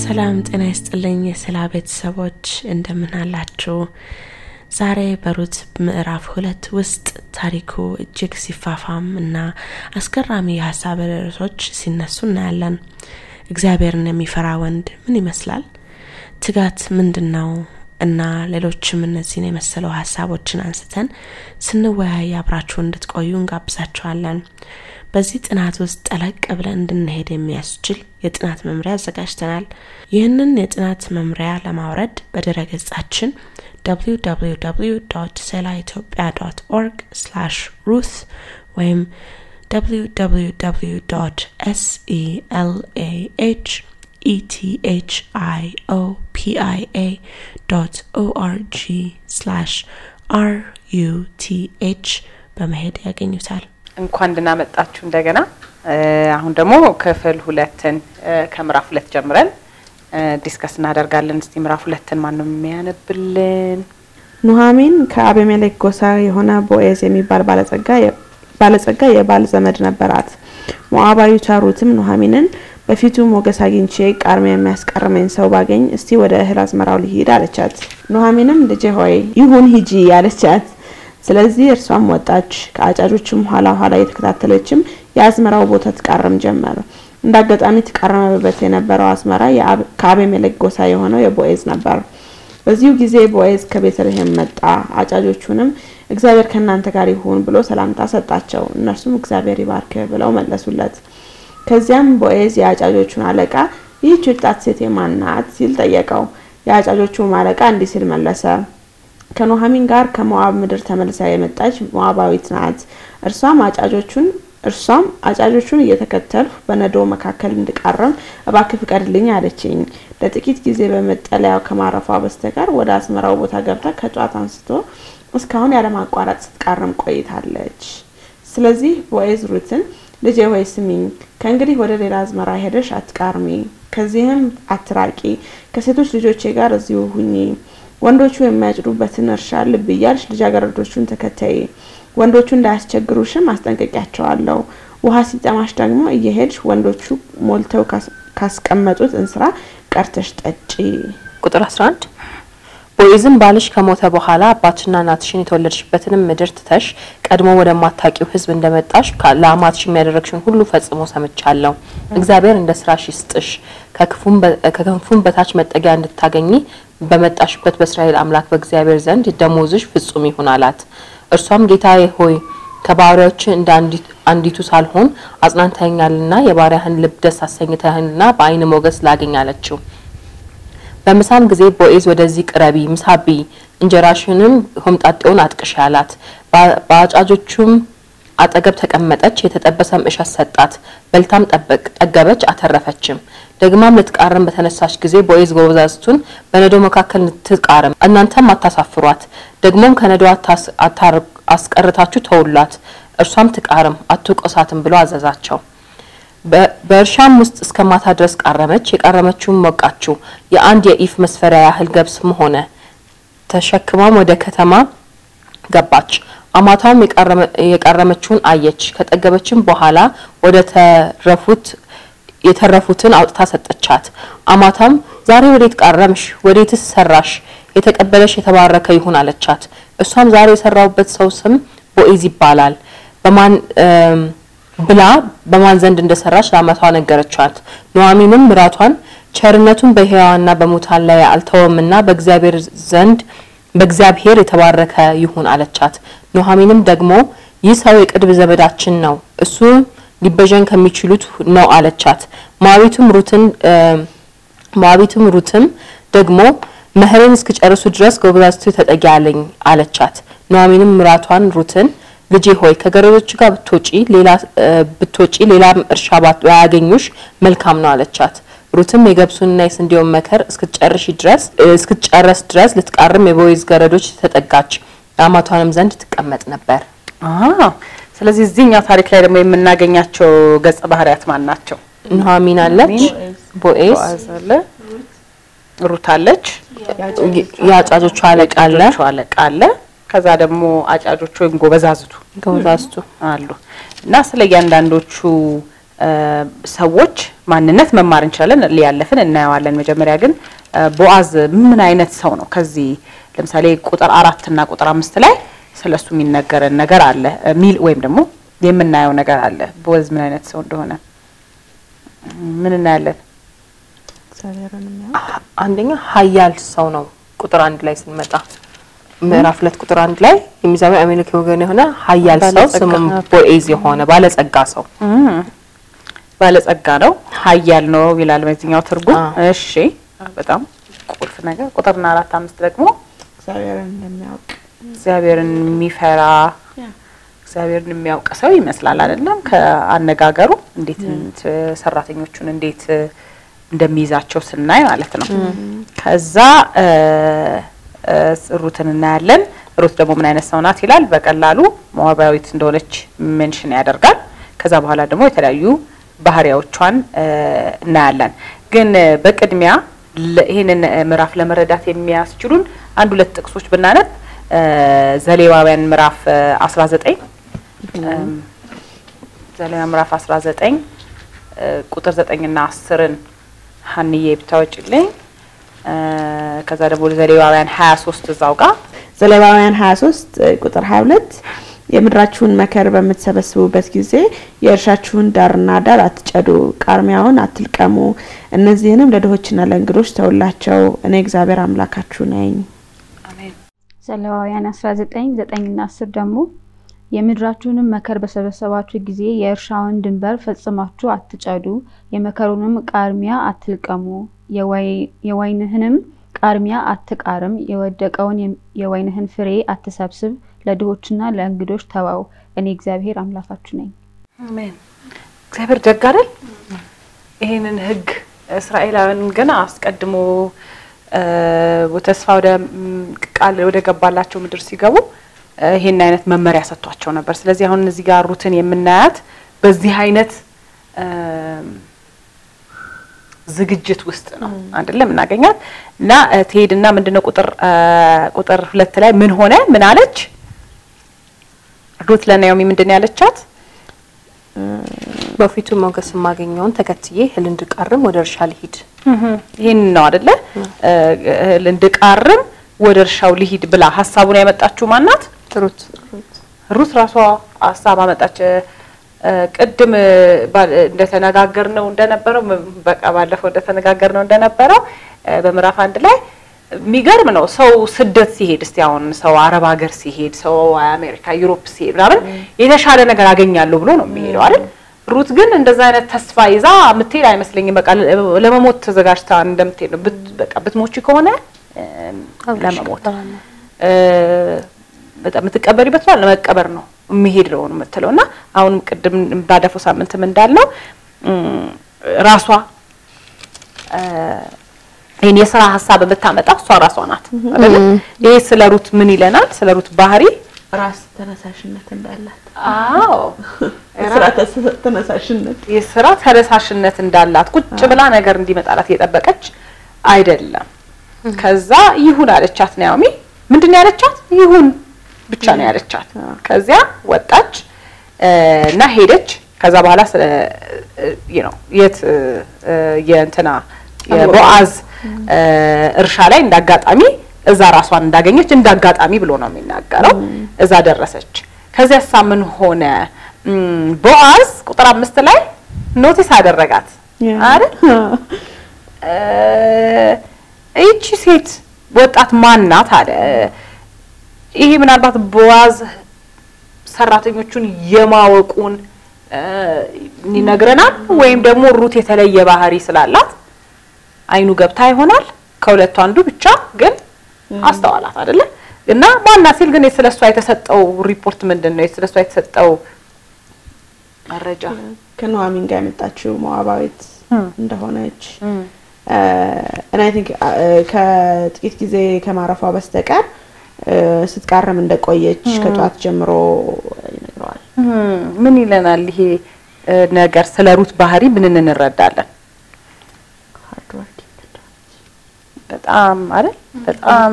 ሰላም ጤና ይስጥልኝ የስላ ቤተሰቦች እንደምን አላችሁ? ዛሬ በሩት ምዕራፍ ሁለት ውስጥ ታሪኩ እጅግ ሲፋፋም እና አስገራሚ የሀሳብ ርዕሶች ሲነሱ እናያለን። እግዚአብሔርን የሚፈራ ወንድ ምን ይመስላል? ትጋት ምንድን ነው? እና ሌሎችም እነዚህን የመሰለው ሀሳቦችን አንስተን ስንወያይ አብራችሁ እንድትቆዩ እንጋብዛችኋለን። በዚህ ጥናት ውስጥ ጠለቅ ብለን እንድንሄድ የሚያስችል የጥናት መምሪያ አዘጋጅተናል። ይህንን የጥናት መምሪያ ለማውረድ በድረገጻችን www ሴላ ኢትዮጵያ ኦርግ ሩት ወይም www ኤስኢኤልኤኤች E a dot u ስላሽ h በመሄድ ያገኙታል። እንኳን ደህና መጣችሁ እንደገና። አሁን ደግሞ ክፍል ሁለትን ከምዕራፍ ሁለት ጀምረን ዲስከስ እናደርጋለን። እስቲ ምዕራፍ ሁለትን ማንም የሚያነብልን? ኑሀሚን ከአቤሜሌክ ጎሳ የሆነ ቦኤዝ የሚባል ባለጸጋ የባል ዘመድ ነበራት። ሞአባዊቷ ሩትም ኑሀሚንን በፊቱ ሞገስ አግኝቼ ቃርሚያ የሚያስቀርመኝ ሰው ባገኝ እስቲ ወደ እህል አዝመራው ሊሄድ አለቻት። ኑሐሚንም ልጄ ሆይ ይሁን ሂጂ አለቻት። ስለዚህ እርሷም ወጣች። ከአጫጆችም ኋላ ኋላ የተከታተለችም የአዝመራው ቦታ ትቃርም ጀመረ። እንደ አጋጣሚ ትቃረመበት የነበረው አዝመራ ከአቤሜሌክ ጎሳ የሆነው የቦኤዝ ነበር። በዚሁ ጊዜ ቦኤዝ ከቤተልሔም መጣ። አጫጆቹንም እግዚአብሔር ከእናንተ ጋር ይሁን ብሎ ሰላምታ ሰጣቸው። እነርሱም እግዚአብሔር ይባርክ ብለው መለሱለት። ከዚያም ቦኤዝ የአጫጆቹን አለቃ ይህች ወጣት ሴት የማን ናት ሲል ጠየቀው። የአጫጆቹም አለቃ እንዲህ ሲል መለሰ፣ ከኖሃሚን ጋር ከመዋብ ምድር ተመልሳ የመጣች መዋባዊት ናት። እርሷም አጫጆቹን እርሷም አጫጆቹን እየተከተልሁ በነዶ መካከል እንድቃረም እባክህ ፍቀድልኝ አለችኝ። ለጥቂት ጊዜ በመጠለያው ከማረፏ በስተቀር ወደ አስመራው ቦታ ገብታ ከጧት አንስቶ እስካሁን ያለማቋረጥ ስትቃርም ቆይታለች። ስለዚህ ቦዔዝ ሩትን ልጄ ሆይ ስሚኝ፣ ከእንግዲህ ወደ ሌላ አዝመራ ሄደሽ አትቃርሚ፣ ከዚህም አትራቂ፣ ከሴቶች ልጆቼ ጋር እዚሁ ሁኚ። ወንዶቹ የሚያጭዱበትን እርሻ ልብ እያልሽ ልጃገረዶቹን ተከተይ። ወንዶቹ እንዳያስቸግሩሽም አስጠንቅቂያቸዋለሁ። ውሃ ሲጠማሽ ደግሞ እየሄድሽ ወንዶቹ ሞልተው ካስቀመጡት እንስራ ቀርተሽ ጠጪ። ቁጥር 11 ቦይዝም ባልሽ ከሞተ በኋላ አባትና እናትሽን የተወለድሽበትንም ምድር ትተሽ ቀድሞ ወደማታውቂው ህዝብ እንደመጣሽ ለአማትሽ የሚያደረግሽን ሁሉ ፈጽሞ ሰምቻለሁ። እግዚአብሔር እንደ ስራሽ ይስጥሽ፣ ከክንፉም በታች መጠጊያ እንድታገኝ በመጣሽበት በእስራኤል አምላክ በእግዚአብሔር ዘንድ ደሞዝሽ ፍጹም ይሁን አላት። እርሷም ጌታዬ ሆይ ከባሪያዎች እንደ አንዲቱ ሳልሆን አጽናንተኛልና የባሪያህን ልብ ደስ አሰኝተህንና በአይን ሞገስ ላገኝ አለችው። በምሳም ጊዜ ቦኤዝ ወደዚህ ቅረቢ ምሳቢ፣ እንጀራሽንም ሆምጣጤውን አጥቅሽ አላት። በአጫጆቹም አጠገብ ተቀመጠች። የተጠበሰም እሸት ሰጣት። በልታም ጠበቅ ጠገበች፣ አተረፈችም። ደግማም ልትቃርም በተነሳች ጊዜ ቦኤዝ ጎበዛዝቱን በነዶ መካከል ልትቃርም፣ እናንተም አታሳፍሯት፣ ደግሞም ከነዶ አስቀርታችሁ ተውሏት፣ እርሷም ትቃርም አትውቀሳትም ብሎ አዘዛቸው። በእርሻም ውስጥ እስከ ማታ ድረስ ቃረመች። የቃረመችውም ወቃችው፣ የአንድ የኢፍ መስፈሪያ ያህል ገብስም ሆነ። ተሸክማም ወደ ከተማ ገባች። አማቷም የቃረመችውን አየች። ከጠገበችም በኋላ ወደ ተረፉት የተረፉትን አውጥታ ሰጠቻት። አማቷም ዛሬ ወዴት ቃረምሽ? ወዴትስ ሰራሽ? የተቀበለሽ የተባረከ ይሁን አለቻት። እሷም ዛሬ የሰራውበት ሰው ስም ቦኤዝ ይባላል በማን ብላ በማን ዘንድ እንደሰራች ለአማቷ ነገረቻት። ኑኃሚንም ምራቷን ቸርነቱን በሕያዋንና በሙታን ላይ አልተወምና በእግዚአብሔር ዘንድ በእግዚአብሔር የተባረከ ይሁን አለቻት። ኑኃሚንም ደግሞ ይህ ሰው የቅርብ ዘመዳችን ነው፣ እሱ ሊበጀን ከሚችሉት ነው አለቻት። ሞዓቢቱም ሩትን ሞዓቢቱም ሩትም ደግሞ መህሬን እስክጨርሱ ድረስ ጎበዛዝቱ ተጠጊ አለኝ አለቻት። ኑኃሚንም ምራቷን ሩትን ልጄ ሆይ ከገረዶች ጋር ብትወጪ ሌላ ብትወጪ ሌላ እርሻ ባያገኙሽ መልካም ነው አለቻት። ሩትም የገብሱንና የስንዴውን መከር እስክትጨርሽ ድረስ እስክትጨረስ ድረስ ልትቃርም የቦይዝ ገረዶች ተጠጋች። አማቷንም ዘንድ ትቀመጥ ነበር። ስለዚህ እዚህኛው ታሪክ ላይ ደግሞ የምናገኛቸው ገጸ ባህሪያት ማን ናቸው? ኑሐሚን አለች፣ ቦኤዝ አለ፣ ሩት አለች፣ የአጫጆቹ አለቃ አለ ከዛ ደግሞ አጫጆች ወይም ጎበዛዝቱ ጎበዛዝቱ አሉ እና ስለ እያንዳንዶቹ ሰዎች ማንነት መማር እንችላለን። ሊያለፍን እናየዋለን። መጀመሪያ ግን ቦአዝ ምን አይነት ሰው ነው? ከዚህ ለምሳሌ ቁጥር አራት እና ቁጥር አምስት ላይ ስለሱ የሚነገረን ነገር አለ ሚል ወይም ደግሞ የምናየው ነገር አለ። ቦአዝ ምን አይነት ሰው እንደሆነ ምን እናያለን? አንደኛ ኃያል ሰው ነው። ቁጥር አንድ ላይ ስንመጣ ምዕራፍ ሁለት ቁጥር አንድ ላይ የሚዛብ አሜሪካ ወገን የሆነ ሀያል ሰው ስሙም ቦኤዝ የሆነ ባለጸጋ ሰው ባለጸጋ ነው፣ ሀያል ነው ይላል በዚህኛው ትርጉም። እሺ በጣም ቁልፍ ነገር ቁጥርና አራት አምስት ደግሞ እግዚአብሔርን እንደሚያውቅ እግዚአብሔርን የሚፈራ እግዚአብሔርን የሚያውቅ ሰው ይመስላል አይደለም? ከአነጋገሩ እንዴት ሰራተኞቹን እንዴት እንደሚይዛቸው ስናይ ማለት ነው ከዛ ሩትን እናያለን። ሩት ደግሞ ምን አይነት ሰው ናት ይላል። በቀላሉ ሞዓባዊት እንደሆነች ሜንሽን ያደርጋል። ከዛ በኋላ ደግሞ የተለያዩ ባህሪያዎቿን እናያለን። ግን በቅድሚያ ይህንን ምዕራፍ ለመረዳት የሚያስችሉን አንድ ሁለት ጥቅሶች ብናነብ ዘሌዋውያን ምዕራፍ 19 ዘሌዋ ምዕራፍ 19 ቁጥር 9 እና 10ን ሀንዬ ብታወጭልኝ ከዛ ደግሞ ዘሌዋውያን 23 እዛው ጋር ዘሌባውያን 23 ቁጥር 22 የምድራችሁን መከር በምትሰበስቡበት ጊዜ የእርሻችሁን ዳርና ዳር አትጨዱ፣ ቃርሚያውን አትልቀሙ፣ እነዚህንም ለድሆችና ለእንግዶች ተውላቸው፣ እኔ እግዚአብሔር አምላካችሁ ነኝ። ዘሌዋውያን 19 9ና 10 ደግሞ የምድራችሁንም መከር በሰበሰባችሁ ጊዜ የእርሻውን ድንበር ፈጽማችሁ አትጨዱ፣ የመከሩንም ቃርሚያ አትልቀሙ የወይንህንም ቃርሚያ አትቃርም፣ የወደቀውን የወይንህን ፍሬ አትሰብስብ። ለድሆችና ለእንግዶች ተዋው፣ እኔ እግዚአብሔር አምላካችሁ ነኝ። አሜን። እግዚአብሔር ደግ አይደል? ይህንን ህግ እስራኤላውያን ገና አስቀድሞ ተስፋ ወደ ቃል ወደ ገባላቸው ምድር ሲገቡ ይሄን አይነት መመሪያ ሰጥቷቸው ነበር። ስለዚህ አሁን እዚህ ጋር ሩትን የምናያት በዚህ አይነት ዝግጅት ውስጥ ነው አይደለ የምናገኛት እና ትሄድና ምንድነው ቁጥር ቁጥር ሁለት ላይ ምን ሆነ ምን አለች ሩት ለናዮሚ ምንድን ያለቻት በፊቱ ሞገስ የማገኘውን ተከትዬ እህል እንድቃርም ወደ እርሻ ልሂድ ይህን ነው አይደለ እህል እንድቃርም ወደ እርሻው ልሂድ ብላ ሀሳቡን ያመጣችው ማናት ሩት ሩት ራሷ ሀሳብ አመጣች ቅድም እንደተነጋገርነው እንደነበረው በቃ ባለፈው እንደተነጋገርነው እንደነበረው በምዕራፍ አንድ ላይ የሚገርም ነው። ሰው ስደት ሲሄድ እስቲ አሁን ሰው አረብ ሀገር ሲሄድ ሰው አሜሪካ፣ ዩሮፕ ሲሄድ ምናምን የተሻለ ነገር አገኛለሁ ብሎ ነው የሚሄደው አይደል? ሩት ግን እንደዛ አይነት ተስፋ ይዛ የምትሄድ አይመስለኝም። በቃ ለመሞት ተዘጋጅታ እንደምትሄድ ነው። በቃ ብትሞቺ ከሆነ ለመሞት በጣም የምትቀበሪበት ለመቀበር ነው የሚሄድ ነው የምትለው እና አሁንም ቅድም ባለፈው ሳምንትም እንዳለው ራሷ ይህን የስራ ሀሳብ የምታመጣው እሷ ራሷ ናት አይደለ? ይሄ ስለ ሩት ምን ይለናል? ስለ ሩት ባህሪ ራስ ተነሳሽነት እንዳላት። አዎ የስራ ተነሳሽነት የስራ ተነሳሽነት እንዳላት ቁጭ ብላ ነገር እንዲመጣላት እየጠበቀች አይደለም። ከዛ ይሁን አለቻት ናኦሚ። ምንድን ያለቻት? ይሁን ብቻ ነው ያለቻት። ከዚያ ወጣች እና ሄደች። ከዛ በኋላ የት የእንትና የቦአዝ እርሻ ላይ እንዳጋጣሚ እዛ ራሷን እንዳገኘች እንዳጋጣሚ ብሎ ነው የሚናገረው። እዛ ደረሰች። ከዚያሳ ምን ሆነ? ቦአዝ ቁጥር አምስት ላይ ኖቲስ አደረጋት አይደል? ይቺ ሴት ወጣት ማን ናት አለ ይሄ ምናልባት በዋዝ ሰራተኞቹን የማወቁን ይነግረናል። ወይም ደግሞ ሩት የተለየ ባህሪ ስላላት አይኑ ገብታ ይሆናል። ከሁለቱ አንዱ ብቻ ግን አስተዋላት አይደለ እና ማና ሲል ግን ስለሷ የተሰጠው ሪፖርት ምንድን ነው? ስለሷ የተሰጠው መረጃ ከኑሐሚን ጋር የመጣችው ሞዓባዊት እንደሆነች እና አይ ቲንክ ከጥቂት ጊዜ ከማረፏ በስተቀር ስትቃረም እንደቆየች ከጧት ጀምሮ ይነግረዋል። ምን ይለናል? ይሄ ነገር ስለ ሩት ባህሪ ምን እንረዳለን? በጣም አይደል? በጣም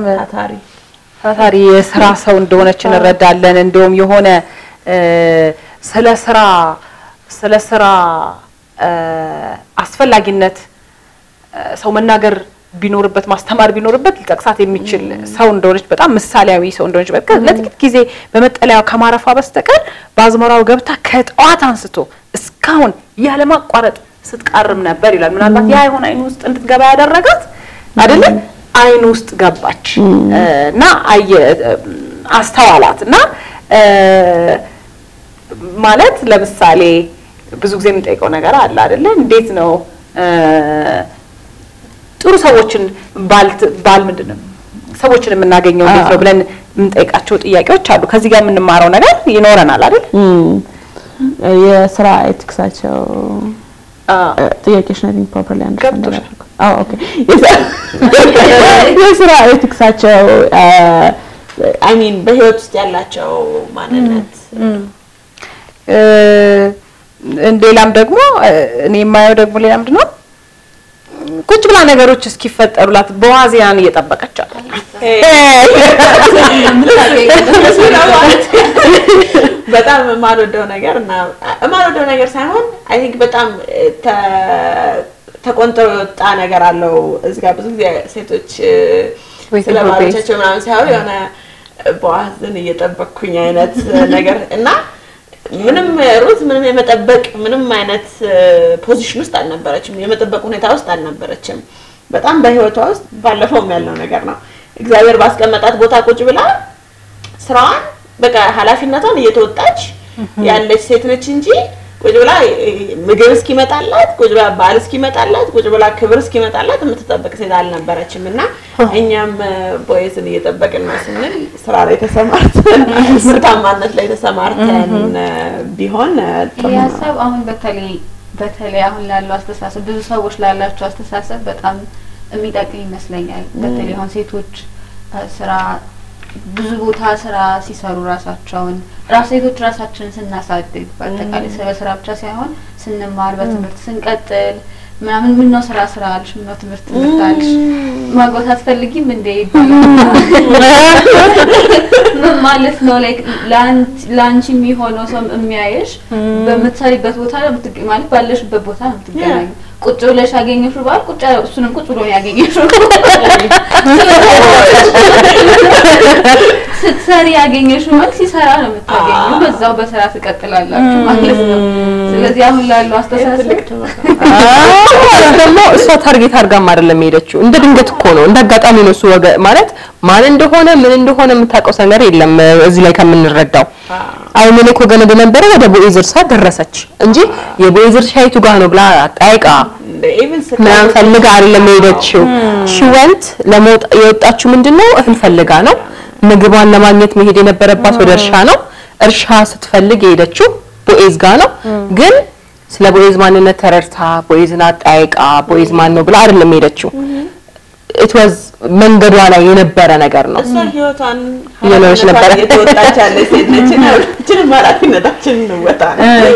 ታታሪ የስራ ሰው እንደሆነች እንረዳለን። እንደውም የሆነ ስለ ስራ ስለ ስራ አስፈላጊነት ሰው መናገር ቢኖርበት ማስተማር ቢኖርበት ሊጠቅሳት የሚችል ሰው እንደሆነች በጣም ምሳሌያዊ ሰው እንደሆነች ለጥቂት ጊዜ በመጠለያ ከማረፏ በስተቀር በአዝመራው ገብታ ከጠዋት አንስቶ እስካሁን ያለማቋረጥ ስትቃርም ነበር ይላል። ምናልባት ያ የሆነ አይኑ ውስጥ እንድትገባ ያደረጋት አይደለ አይኑ ውስጥ ገባች እና አስተዋላት እና ማለት ለምሳሌ ብዙ ጊዜ የምንጠይቀው ነገር አለ አይደለ? እንዴት ነው ጥሩ ሰዎችን ባልት ባል ምንድን ነው ሰዎችን የምናገኘው እንዴት ነው ብለን የምንጠይቃቸው ጥያቄዎች አሉ። ከዚህ ጋር የምንማረው ነገር ይኖረናል አይደል? የስራ ኤቲክሳቸው ጥያቄዎች ነኝ ፕሮፐርሊ የስራ ኤቲክሳቸው አይ ሚን በህይወት ውስጥ ያላቸው ማንነት ሌላም ደግሞ እኔ የማየው ደግሞ ሌላ ምንድን ነው ቁጭ ብላ ነገሮች እስኪፈጠሩላት በዋዜያን እየጠበቀች በጣም የማልወደው ነገር እና የማልወደው ነገር ሳይሆን አይ ቲንክ በጣም ተቆንጥሮ የወጣ ነገር አለው። እዚህ ጋር ብዙ ጊዜ ሴቶች ስለ ባሎቻቸው ምናምን ሳይሆን የሆነ እየጠበቅኩኝ አይነት ነገር እና ምንም ሩት ምንም የመጠበቅ ምንም አይነት ፖዚሽን ውስጥ አልነበረችም። የመጠበቅ ሁኔታ ውስጥ አልነበረችም። በጣም በህይወቷ ውስጥ ባለፈውም ያለው ነገር ነው። እግዚአብሔር ባስቀመጣት ቦታ ቁጭ ብላ ስራዋን በቃ ኃላፊነቷን እየተወጣች ያለች ሴት ነች እንጂ ቁጭ ብላ ምግብ እስኪመጣላት ቁጭ ብላ ባል እስኪመጣላት ቁጭ ብላ ክብር እስኪመጣላት የምትጠብቅ ሴት አልነበረችም። እና እኛም ቦይስን እየጠበቅን ነው ስንል ስራ ላይ ተሰማርተን ምርታማነት ላይ ተሰማርተን ቢሆን ሀሳብ አሁን በተለይ በተለይ አሁን ላለው አስተሳሰብ ብዙ ሰዎች ላላቸው አስተሳሰብ በጣም የሚጠቅም ይመስለኛል። በተለይ አሁን ሴቶች ስራ ብዙ ቦታ ስራ ሲሰሩ ራሳቸውን ራስ ሴቶች ራሳችንን ስናሳድግ በአጠቃላይ ስለ ስራ ብቻ ሳይሆን ስንማር በትምህርት ስንቀጥል ምናምን ምን ነው ስራ ስራ አልሽ? ምን ነው ትምህርት ትምህርት አልሽ? ማግባት አትፈልጊም እንዴ ምን ማለት ነው? ላይክ ላንቺ የሚሆነው ሰው የሚያየሽ በምትሰሪበት ቦታ ነው ማለት ባለሽበት ቦታ ነው የምትገናኙ ቁጭ ብለሽ ያገኘሽው ባል ቁጭ እሱንም ቁጭ ብሎ ያገኘሽው ስትሰሪ ያገኘሽው መልክ ሲሰራ ነው የምታገኘው። በዛው በስራ ትቀጥላላችሁ ማለት ነው። ስለዚህ አሁን ላለው አስተሳሰብ ደግሞ እሷ ታርጌት አድርጋም አይደለም የሄደችው፣ እንደ ድንገት እኮ ነው፣ እንደ አጋጣሚ ነው እሱ ወገ ማለት ማን እንደሆነ ምን እንደሆነ የምታውቀው ነገር የለም። እዚህ ላይ ከምንረዳው አይመን እኮ ገመድ ነበረ ወደ ቦዔዝ እርሻ ደረሰች እንጂ የቦዔዝ ሻይቱ የቱ ጋር ነው ብላ አጣይቃ ምናምን ፈልጋ አይደለም የሄደችው። ሺ ወንት የወጣችው ምንድነው እህል ፈልጋ ነው። ምግቧን ለማግኘት መሄድ የነበረባት ወደ እርሻ ነው። እርሻ ስትፈልግ የሄደችው ቦዔዝ ጋር ነው። ግን ስለ ቦዔዝ ማንነት ተረድታ ቦዔዝን አጠያይቃ ቦዔዝ ማን ነው ብላ አይደለም የሄደችው። ኢት ዋዝ መንገዷ ላይ የነበረ ነገር ነው። እሷ የኖረች ነበረ።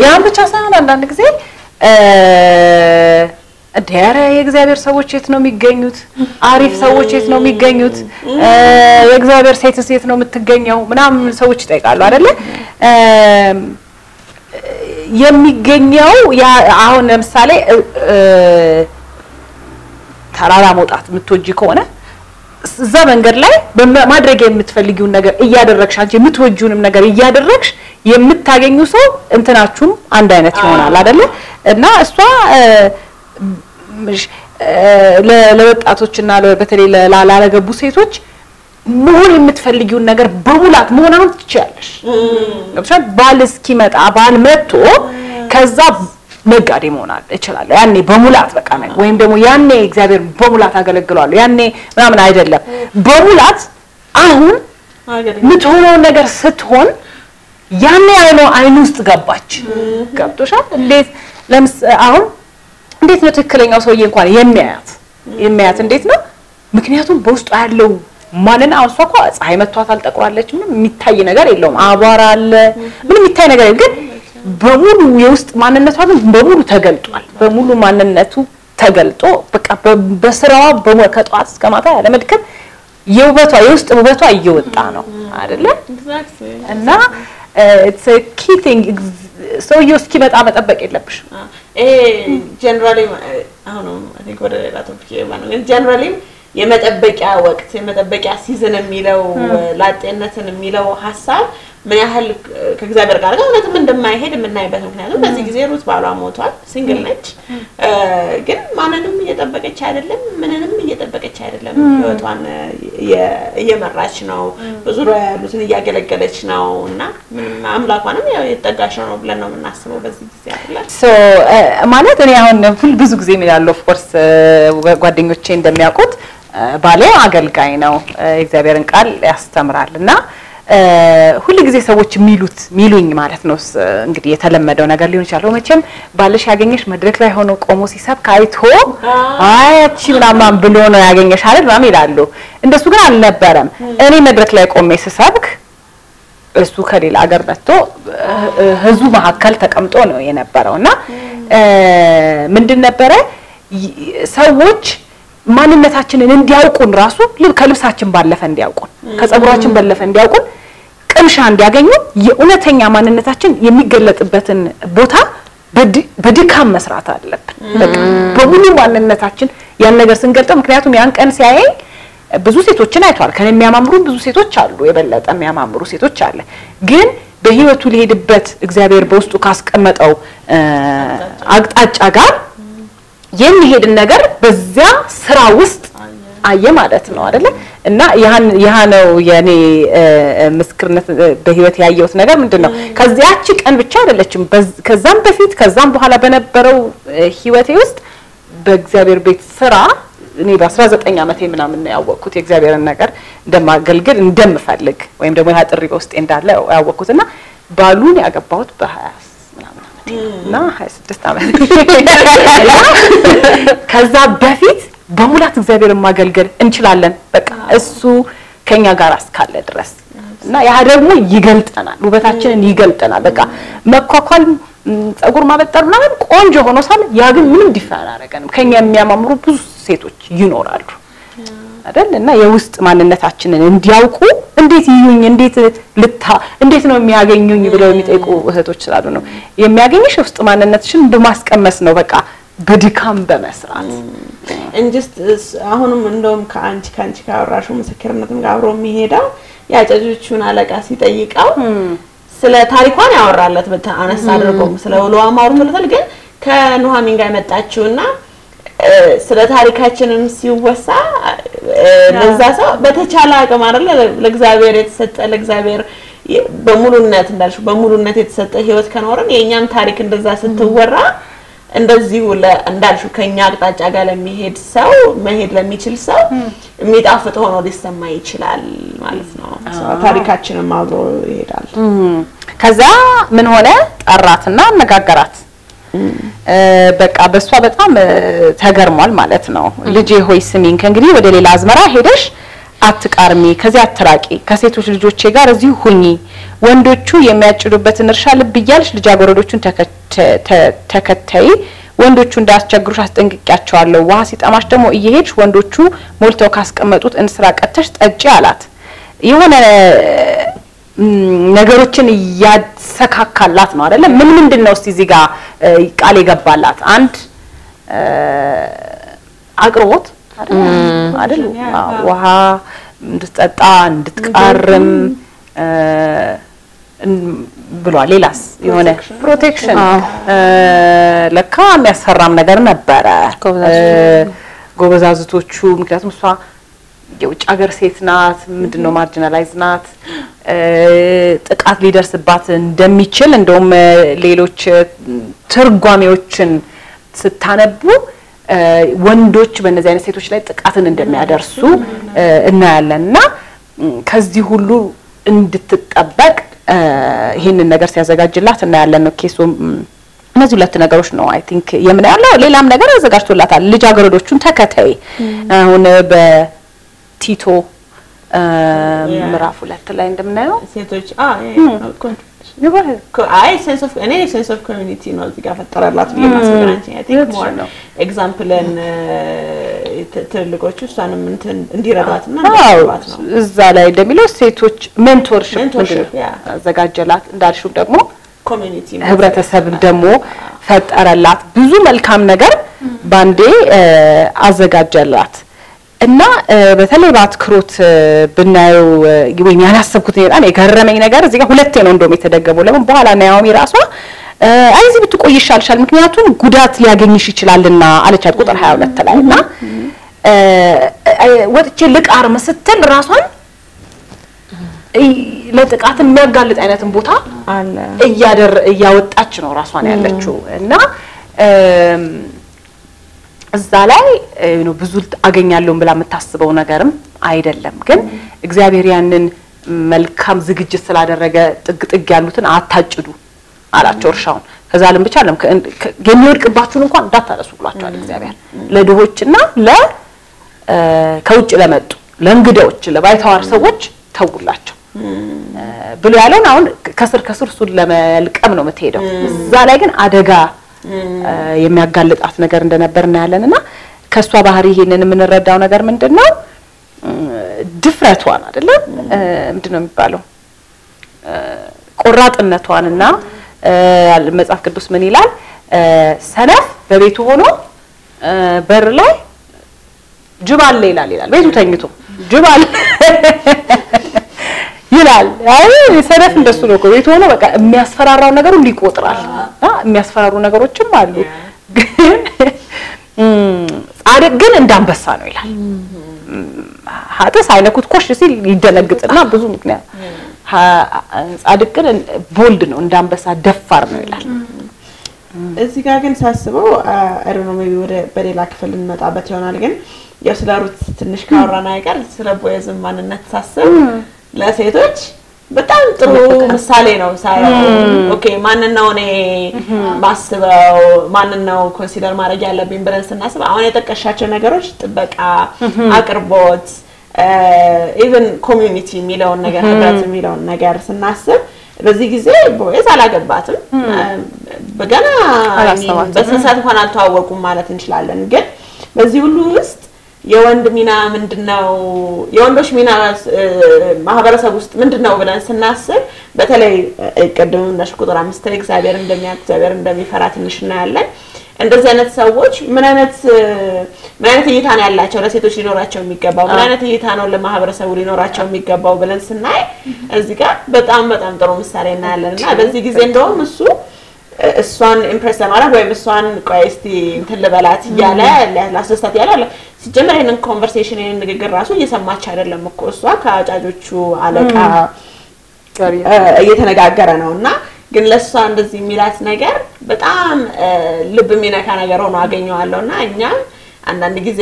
ያን ብቻ ሳይሆን አንዳንድ ጊዜ እንደ የእግዚአብሔር ሰዎች የት ነው የሚገኙት? አሪፍ ሰዎች የት ነው የሚገኙት? የእግዚአብሔር ሴትስ የት ነው የምትገኘው? ምናምን ሰዎች ይጠይቃሉ አይደለ? የሚገኘው አሁን ለምሳሌ ተራራ መውጣት የምትወጂ ከሆነ እዛ መንገድ ላይ ማድረግ የምትፈልጊውን ነገር እያደረግሽ አንቺ የምትወጂውንም ነገር እያደረግሽ የምታገኙ ሰው እንትናችሁም አንድ አይነት ይሆናል አይደለ? እና እሷ ለወጣቶችና በተለይ ላለገቡ ሴቶች መሆን የምትፈልጊውን ነገር በሙላት መሆን አሁን ትችያለሽ። ባል እስኪመጣ ባል መጥቶ ከዛ ነጋዴ መሆን እችላለሁ። ያኔ በሙላት በቃ ወይም ደግሞ ያኔ እግዚአብሔር በሙላት አገለግለዋለሁ ያኔ ምናምን አይደለም። በሙላት አሁን የምትሆነውን ነገር ስትሆን ያኔ አይኖ አይን ውስጥ ገባች። ገብቶሻል? እንዴት ለምስ አሁን እንዴት ነው ትክክለኛው ሰውዬ እንኳን የሚያያት የሚያያት እንዴት ነው? ምክንያቱም በውስጡ ያለው ማንን አውሷ እኮ ፀሐይ መቷታል፣ ጠቁራለች። ምንም የሚታይ ነገር የለውም። አቧራ አለ፣ ምንም የሚታይ ነገር የለም ግን በሙሉ የውስጥ ማንነቷ ግን በሙሉ ተገልጧል። በሙሉ ማንነቱ ተገልጦ በቃ በስራዋ ከጠዋት እስከ ማታ ያለመድከም የውበቷ የውስጥ ውበቷ እየወጣ ነው አይደለ? እና ኢትስ ኪ ቲንግ ሰውየው እስኪመጣ መጠበቅ የለብሽ። ይሄ ጀነራሊ አሁን አይ ወደ ሌላ ቶፒክ ነው፣ ግን ጀነራሊ የመጠበቂያ ወቅት የመጠበቂያ ሲዝን የሚለው ላጤነትን የሚለው ሀሳብ ምን ያህል ከእግዚአብሔር ጋር ጋር እውነትም እንደማይሄድ የምናይበት ምክንያቱም በዚህ ጊዜ ሩት ባሏ ሞቷል፣ ሲንግል ነች። ግን ማንንም እየጠበቀች አይደለም፣ ምንንም እየጠበቀች አይደለም። ህይወቷን እየመራች ነው፣ በዙሪያ ያሉትን እያገለገለች ነው። እና ምንም አምላኳንም ያው የተጠጋሽ ነው ብለን ነው የምናስበው በዚህ ጊዜ አይደለም ማለት እኔ አሁን ሁል ብዙ ጊዜ ያለው ኦፍኮርስ ጓደኞቼ እንደሚያውቁት ባሌ አገልጋይ ነው፣ የእግዚአብሔርን ቃል ያስተምራል እና ሁል ጊዜ ሰዎች የሚሉት ሚሉኝ ማለት ነው እንግዲህ የተለመደው ነገር ሊሆን ይችላል። መቼም ባልሽ ያገኘሽ መድረክ ላይ ሆኖ ቆሞ ሲሰብክ አይቶ አያቺ ምናምን ብሎ ነው ያገኘሽ አይደል ምናምን ይላሉ። እንደሱ ግን አልነበረም። እኔ መድረክ ላይ ቆሜ ስሰብክ እሱ ከሌላ ሀገር መጥቶ ህዝቡ መካከል ተቀምጦ ነው የነበረው እና ምንድን ነበረ ሰዎች ማንነታችንን እንዲያውቁን ራሱ ከልብሳችን ባለፈ እንዲያውቁን ከጸጉራችን ባለፈ እንዲያውቁን ቅምሻ እንዲያገኙ የእውነተኛ ማንነታችን የሚገለጥበትን ቦታ በድካም መስራት አለብን። በሙሉ ማንነታችን ያን ነገር ስንገልጠው፣ ምክንያቱም ያን ቀን ሲያየኝ ብዙ ሴቶችን አይተዋል። ከኔ የሚያማምሩ ብዙ ሴቶች አሉ፣ የበለጠ የሚያማምሩ ሴቶች አለ። ግን በህይወቱ ሊሄድበት እግዚአብሔር በውስጡ ካስቀመጠው አቅጣጫ ጋር የሚሄድን ነገር በዚያ ስራ ውስጥ አየ ማለት ነው አይደለ? እና ያ ነው የኔ ምስክርነት። በህይወት ያየሁት ነገር ምንድን ነው? ከዚያች ቀን ብቻ አይደለችም፣ ከዛም በፊት ከዛም በኋላ በነበረው ህይወቴ ውስጥ በእግዚአብሔር ቤት ስራ እኔ በ19 ዓመቴ ምናምን ነው ያወቅኩት የእግዚአብሔርን ነገር እንደማገልግል እንደምፈልግ ወይም ደግሞ ያ ጥሪ በውስጤ እንዳለ ያወቅኩት እና ባሉን ያገባሁት በ20 እና ዓመት ከዛ በፊት በሙላት እግዚአብሔርን ማገልገል እንችላለን። በቃ እሱ ከኛ ጋር እስካለ ድረስ እና ያ ደግሞ ይገልጠናል፣ ውበታችንን ይገልጠናል። በቃ መኳኳል፣ ጸጉር ማበጠር ምናምን ቆንጆ ሆኖ ሳለ ያ ግን ምንም ዲፋን ከኛ የሚያማምሩ ብዙ ሴቶች ይኖራሉ። አይደል እና የውስጥ ማንነታችንን እንዲያውቁ እንዴት ይዩኝ እንዴት ልታ እንዴት ነው የሚያገኙኝ ብለው የሚጠይቁ እህቶች ስላሉ ነው የሚያገኝሽ የውስጥ ማንነትሽን በማስቀመስ ነው በቃ በድካም በመስራት እንጂስ አሁንም እንደውም ከአንቺ ከአንቺ ካወራሹ ምስክርነትም ጋር አብሮ የሚሄደው የአጫጆቹን አለቃ ሲጠይቀው ስለ ታሪኳን ያወራለት በተ አነሳ አድርጎም ስለ ውሎዋ ማውሩም ብለታል ግን ከኑሃሚን ጋር የመጣችውና ስለ ታሪካችንም ሲወሳ ለዛ ሰው በተቻለ አቅም አይደለ ለእግዚአብሔር የተሰጠ ለእግዚአብሔር በሙሉነት እንዳልሽ በሙሉነት የተሰጠ ህይወት ከኖርን የእኛም ታሪክ እንደዛ ስትወራ እንደዚሁ እንዳልሽው ከኛ አቅጣጫ ጋር ለሚሄድ ሰው መሄድ ለሚችል ሰው የሚጣፍጥ ሆኖ ሊሰማ ይችላል ማለት ነው። ታሪካችንም አብሮ ይሄዳል። ከዛ ምን ሆነ? ጠራትና አነጋገራት። በቃ በእሷ በጣም ተገርሟል ማለት ነው። ልጄ ሆይ ስሚኝ፣ ከእንግዲህ ወደ ሌላ አዝመራ ሄደሽ አትቃርሚ፣ ከዚህ አትራቂ፣ ከሴቶች ልጆቼ ጋር እዚሁ ሁኚ። ወንዶቹ የሚያጭዱበትን እርሻ ልብ እያልሽ ልጃገረዶቹን ተከተይ። ወንዶቹ እንዳያስቸግሩሽ አስጠንቅቂያቸዋለሁ። ውሃ ሲጠማሽ ደግሞ እየሄድሽ ወንዶቹ ሞልተው ካስቀመጡት እንስራ ቀተሽ ጠጪ አላት። የሆነ ነገሮችን እያሰካካላት ነው አይደለ? ምን ምንድን ነው እስቲ እዚህ ጋር ቃል የገባላት አንድ አቅርቦት አይደል? ውሃ እንድትጠጣ እንድትቃርም ብሏል። ሌላስ የሆነ ፕሮቴክሽን ለካ የሚያሰራም ነገር ነበረ ጎበዛዝቶቹ ምክንያቱም እሷ የውጭ ሀገር ሴት ናት፣ ምንድን ነው ማርጂናላይዝ ናት፣ ጥቃት ሊደርስባት እንደሚችል እንደውም ሌሎች ትርጓሜዎችን ስታነቡ ወንዶች በእነዚህ አይነት ሴቶች ላይ ጥቃትን እንደሚያደርሱ እናያለን እና ከዚህ ሁሉ እንድትጠበቅ ይህንን ነገር ሲያዘጋጅላት እናያለን ነው ኬሱ። እነዚህ ሁለት ነገሮች ነው አይ ቲንክ የምናየው። ሌላም ነገር አዘጋጅቶላታል። ልጃገረዶቹን ተከታይ አሁን በ ቲቶ ምዕራፍ ሁለት ላይ እንደምናየው ሴቶች አይ እኔ ሴንስ ኦፍ ኮሚኒቲ ነው እዚህ ጋር ፈጠረላት ብዬ ኤግዛምፕልን ትልልቆቹ እሷንም እንትን እንዲረዳት እዛ ላይ እንደሚለው ሴቶች ሜንቶርሽፕ አዘጋጀላት እንዳልሽው ደግሞ ኮሚኒቲ ደግሞ ፈጠረላት ብዙ መልካም ነገር ባንዴ አዘጋጀላት። እና በተለይ በአትኩሮት ብናየው ወይም ያላሰብኩት በጣም የገረመኝ ነገር እዚህ ጋር ሁለቴ ነው እንደውም የተደገመው። ለምን በኋላ ናያሚ ራሷ አይ እዚህ ብትቆይ ይሻልሻል ምክንያቱም ጉዳት ሊያገኝሽ ይችላልና አለቻት። ቁጥር 22 ላይ እና ወጥቼ ልቃር ስትል ራሷን ለጥቃት የሚያጋልጥ አይነትን ቦታ እያደር እያወጣች ነው ራሷን ያለችው እና እዛ ላይ ብዙ አገኛለሁም ብላ የምታስበው ነገርም አይደለም። ግን እግዚአብሔር ያንን መልካም ዝግጅት ስላደረገ ጥግ ጥግ ያሉትን አታጭዱ አላቸው እርሻውን። ከዛ ዓለም ብቻ አለም የሚወድቅባችሁን እንኳን እንዳታነሱ ብሏቸዋል እግዚአብሔር ለድሆችና ለ ከውጭ ለመጡ ለእንግዳዎች ለባይተዋር ሰዎች ተውላቸው ብሎ ያለውን አሁን ከስር ከስር እሱን ለመልቀም ነው የምትሄደው። እዛ ላይ ግን አደጋ የሚያጋልጣት ነገር እንደነበር እናያለን እና ከእሷ ባህሪ ይሄንን የምንረዳው ነገር ምንድን ነው? ድፍረቷን አይደለም፣ ምንድን ነው የሚባለው? ቆራጥነቷን እና መጽሐፍ ቅዱስ ምን ይላል? ሰነፍ በቤቱ ሆኖ በር ላይ ጅብ አለ ይላል ይላል። ቤቱ ተኝቶ ጅብ አለ ይላል። አይ ሰነፍ እንደሱ ነው እኮ ቤት ሆኖ በቃ የሚያስፈራራው ነገር ሁሉ ይቆጥራል። የሚያስፈራሩ ነገሮችም አሉ። ግን ጻድቅ ግን እንዳንበሳ ነው ይላል። ኃጥእ ሳይነኩት ኮሽ ሲል ይደነግጥና ብዙ ምክንያት ጻድቅ ግን ቦልድ ነው እንዳንበሳ ደፋር ነው ይላል። እዚህ ጋር ግን ሳስበው አይዶኖ ሜቢ ወደ በሌላ ክፍል እንመጣበት ይሆናል። ግን ያው ስለ ሩት ትንሽ ካወራን አይቀር ስለ ማንነት ሳስብ ለሴቶች በጣም ጥሩ ምሳሌ ነው ሳየው። ኦኬ ማንን ነው እኔ ማስበው፣ ማንን ነው ኮንሲደር ማድረግ ያለብኝ ብለን ስናስብ አሁን የጠቀሻቸው ነገሮች ጥበቃ፣ አቅርቦት፣ ኢቨን ኮሚዩኒቲ የሚለውን ነገር ህብረት የሚለውን ነገር ስናስብ በዚህ ጊዜ ቦይዝ አላገባትም በገና በስንት እንኳን አልተዋወቁም ማለት እንችላለን። ግን በዚህ ሁሉ ውስጥ የወንድ ሚና ምንድነው? የወንዶች ሚና ማህበረሰብ ውስጥ ምንድነው ብለን ስናስብ በተለይ ቅድም ነሽ ቁጥር አምስት ላይ እግዚአብሔር እንደሚያ እግዚአብሔር እንደሚፈራ ትንሽ እናያለን። እንደዚህ አይነት ሰዎች ምን አይነት ምን አይነት እይታ ነው ያላቸው ለሴቶች ሊኖራቸው የሚገባው ምን አይነት እይታ ነው ለማህበረሰቡ ሊኖራቸው የሚገባው ብለን ስናይ እዚህ ጋር በጣም በጣም ጥሩ ምሳሌ እናያለን እና በዚህ ጊዜ እንደውም እሱ እሷን ኢምፕሬስ ለማድረግ ወይም እሷን ቆይ እስቲ እንትን ልበላት እያለ ላስደስታት እያለ አለ። ሲጀመር ይህንን ኮንቨርሴሽን ይህንን ንግግር ራሱ እየሰማች አይደለም እኮ እሷ ከአጫጆቹ አለቃ እየተነጋገረ ነው። እና ግን ለእሷ እንደዚህ የሚላት ነገር በጣም ልብ የሚነካ ነገር ሆኖ አገኘዋለሁ። እና እኛም አንዳንድ ጊዜ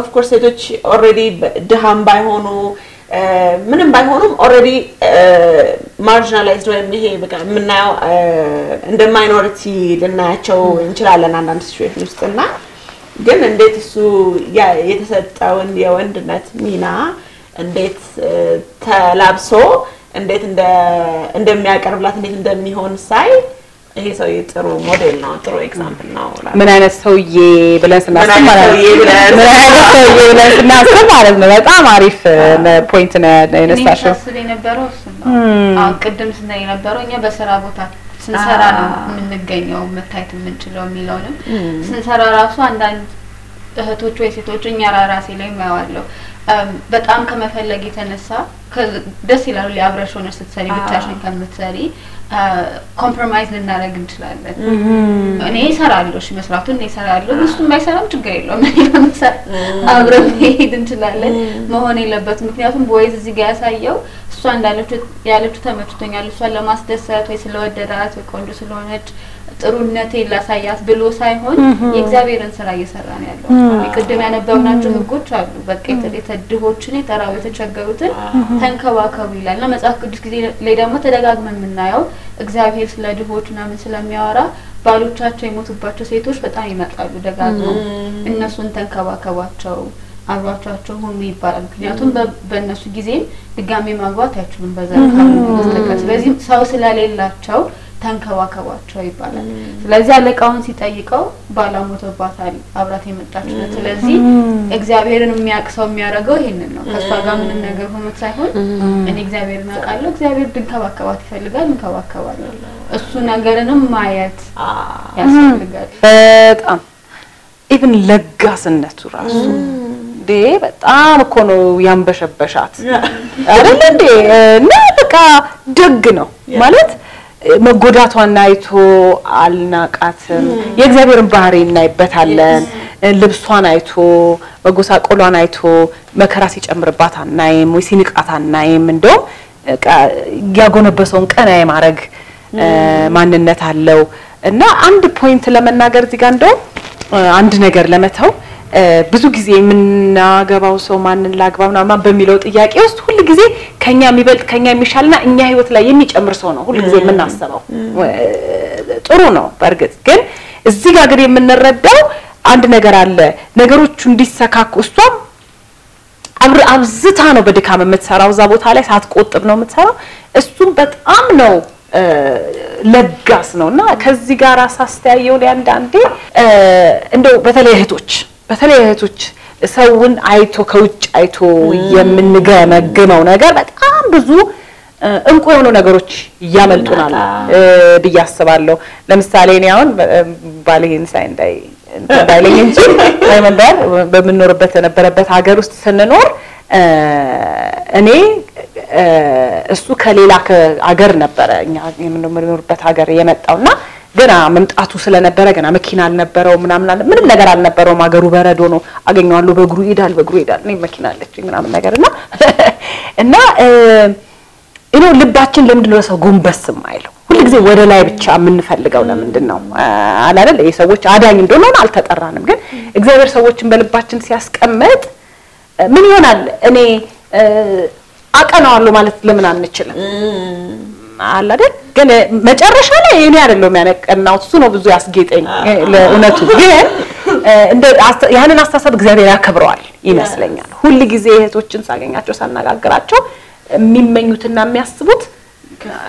ኦፍኮርስ ሴቶች ኦልሬዲ ድሃም ባይሆኑ ምንም ባይሆኑም ኦልሬዲ ማርጂናላይዝድ ወይም ይሄ የምናየው እንደ ማይኖሪቲ ልናያቸው እንችላለን አንዳንድ ሲትዌሽን ውስጥ እና ግን እንዴት እሱ የተሰጠውን የወንድነት ሚና እንዴት ተላብሶ እንዴት እንደሚያቀርብላት እንዴት እንደሚሆን ሳይ ይሄ ሰውዬ ጥሩ ሞዴል ነው፣ ጥሩ ኤግዛምፕል ነው። ምን አይነት ሰውዬ ብለን ስናስብ ማለት ነው፣ ምን አይነት ሰውዬ ብለን ስናስብ ማለት ነው። በጣም አሪፍ ፖይንት ነው ያነሳሽው። አሁን ቅድም ስናይ የነበረው እኛ በስራ ቦታ ስንሰራ ነው የምንገኘው መታየት የምንችለው የሚለውንም ስንሰራ ራሱ አንዳንድ እህቶች ወይ ሴቶች እኛ ራሴ ላይ ማየዋለሁ በጣም ከመፈለግ የተነሳ ደስ ይላሉ። ሊያብረሽ ሆነሽ ስትሰሪ ብቻሽን ከምትሰሪ ኮምፕሮማይዝ ልናደረግ እንችላለን። እኔ እሰራለሁ፣ እሺ መስራቱን እኔ እሰራለሁ፣ እሱም ባይሰራም ችግር የለውም። አብረን መሄድ እንችላለን። መሆን የለበት ምክንያቱም ቦይዝ እዚህ ጋር ያሳየው እሷ እንዳለችው ያለችው ተመችቶኛል፣ እሷን ለማስደሰት ወይ ስለወደዳት ወይ ቆንጆ ስለሆነች ጥሩነቴን ላሳያት ብሎ ሳይሆን የእግዚአብሔርን ስራ እየሰራ ነው ያለው። ቅድም ያነበብናቸው ህጎች አሉ። በቃ ድሆችን የጠራው የተቸገሩትን ተንከባከቡ ይላል እና መጽሐፍ ቅዱስ ጊዜ ላይ ደግሞ ተደጋግመን የምናየው እግዚአብሔር ስለ ድሆች ምናምን ስለሚያወራ ባሎቻቸው የሞቱባቸው ሴቶች በጣም ይመጣሉ ደጋግመው እነሱን ተንከባከባቸው አብሯቸው ሆኑ ይባላል። ምክንያቱም በእነሱ ጊዜም ድጋሜ ማግባት አይችሉም በዛ ስለዚህ ሰው ስለሌላቸው ተንከባከባቸው ይባላል። ስለዚህ አለቃውን ሲጠይቀው ባላሞተባታል አብራት ነው። ስለዚህ እግዚአብሔርን የሚያቅሰው የሚያደርገው ይሄንን ነው። ከእሷ ጋር ምንም ነገር ሆኖት ሳይሆን እኔ እግዚአብሔርን አውቃለሁ፣ እግዚአብሔር ድንከባከባት ይፈልጋል፣ እንከባከባለሁ። እሱ ነገርንም ማየት ያስፈልጋል። በጣም ኢቭን ለጋስነቱ ራሱ እንዴ በጣም እኮ ነው ያንበሸበሻት አይደል እንዴ እና በቃ ደግ ነው ማለት መጎዳቷን አይቶ አልናቃትም። የእግዚአብሔርን ባህሪ እናይበታለን። ልብሷን አይቶ መጎሳቆሏን አይቶ መከራ ሲጨምርባት አናይም ወይ ሲንቃት አናይም። እንደውም ያጎነበሰውን ቀና የማድረግ ማንነት አለው እና አንድ ፖይንት ለመናገር እዚህ ጋር እንደውም አንድ ነገር ለመተው ብዙ ጊዜ የምናገባው ሰው ማንን ላግባ ምናምን በሚለው ጥያቄ ውስጥ ሁል ጊዜ ከኛ የሚበልጥ ከኛ የሚሻልና እኛ ህይወት ላይ የሚጨምር ሰው ነው ሁል ጊዜ የምናስበው። ጥሩ ነው። በእርግጥ ግን እዚህ ጋር ግን የምንረዳው አንድ ነገር አለ። ነገሮቹ እንዲሰካኩ እሷም አብር አብዝታ ነው በድካም የምትሰራው እዛ ቦታ ላይ ሳትቆጥብ ነው የምትሰራው። እሱም በጣም ነው ለጋስ ነው እና ከዚህ ጋር ሳስተያየው ላይ አንዳንዴ እንደው በተለይ እህቶች በተለይ እህቶች ሰውን አይቶ ከውጭ አይቶ የምንገመግመው ነገር በጣም ብዙ እንቁ የሆኑ ነገሮች እያመልጡናል ብዬ አስባለሁ። ለምሳሌ እኔ አሁን ባሌን ሳይ እንዳይ እንዳይለኝ እንጂ መንበር በምንኖርበት የነበረበት ሀገር ውስጥ ስንኖር እኔ እሱ ከሌላ አገር ነበረ እኛ የምንኖርበት ሀገር የመጣው እና ገና መምጣቱ ስለነበረ ገና መኪና አልነበረው ምናምን አለ ምንም ነገር አልነበረውም። አገሩ በረዶ ነው። አገኘዋለሁ በእግሩ ይሄዳል፣ በእግሩ ይሄዳል። እኔ መኪና አለች ምናምን ነገር እና እና እኔ ልባችን ለምንድን ነው ሰው ጎንበስ የማይለው? ሁልጊዜ ወደ ላይ ብቻ የምንፈልገው ለምንድን ነው አላለ። የሰዎች አዳኝ እንደሆነ አልተጠራንም፣ ግን እግዚአብሔር ሰዎችን በልባችን ሲያስቀምጥ ምን ይሆናል እኔ አቀናዋለሁ ማለት ለምን አንችልም? አለ አይደል? ግን መጨረሻ ላይ እኔ አይደለሁም ያነቀናሁት እሱ ነው ብዙ ያስጌጠኝ። ለእውነቱ ግን እንደ ያንን አስተሳሰብ እግዚአብሔር ያከብረዋል ይመስለኛል። ሁል ጊዜ እህቶችን ሳገኛቸው ሳነጋግራቸው የሚመኙትና የሚያስቡት